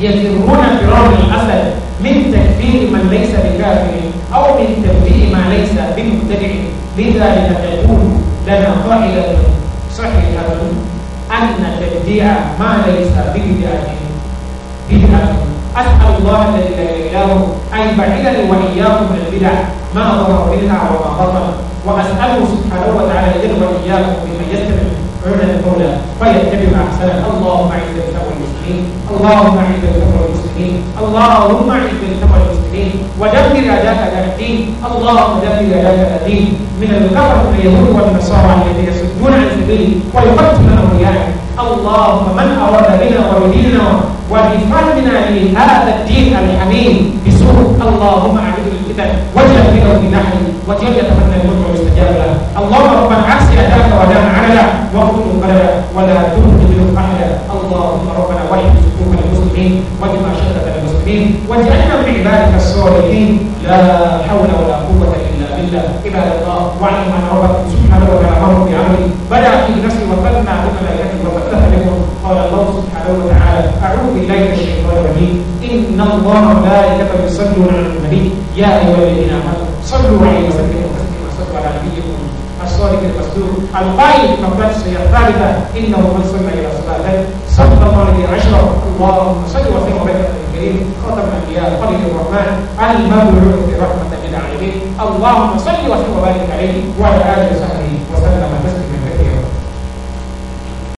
Speaker 1: يفرون برغم الاسد من تكفير من ليس بكافر او من تبديع ما ليس بمبتدع لذلك تقول لنا قائله صحيحه ان تبديع ما ليس ببدعه بدعه أسأل الله الذي لا إله أن يبعدني وإياكم من البدع ما ظهر منها وما بطن وأسأله سبحانه وتعالى يجعل وإياكم ممن يتبع عنا القول فيتبع أحسن اللهم أعز الإسلام والمسلمين اللهم أعز الإسلام والمسلمين اللهم أعز الإسلام والمسلمين ودمر أداك الدين اللهم دمر أداك الدين من الكفر اليهود والنصارى الذين يصدون عن سبيلك ويقتلون أولياءك اللهم من أراد بنا وبديننا وبفهمنا لهذا الدين الحميد بسوء اللهم أعلم الفتن واجعل بنا في نحن وجل يتمنى الموت واستجاب له اللهم ربنا عكس أداك ودام عملا واغفر قللا ولا تنقذ أحدا اللهم ربنا واحد سكوك المسلمين واجمع شتى المسلمين واجعلنا من عبادك الصالحين لا حول ولا قوة إلا الله عباد الله واعلم ان ربكم سبحانه وتعالى امركم بعمله بدا في نفسي نفسه وثنى بملائكته وثبت بكم قال الله سبحانه وتعالى اعوذ بالله من الشيطان الرجيم ان الله وملائكته يصلون على النبي يا ايها الذين امنوا صلوا عليه وسلموا تسليما صلوا على نبيكم الصادق المصدوق القائل في مقدار الثالثه انه من صلى الى صلاتك صلى الله عليه عشرا اللهم صل وسلم وبارك الكريم خاتم الانبياء خليل الرحمن المبعوث برحمه للعالمين اللهم صل وسلم وبارك عليه وعلى اله وصحبه وسلم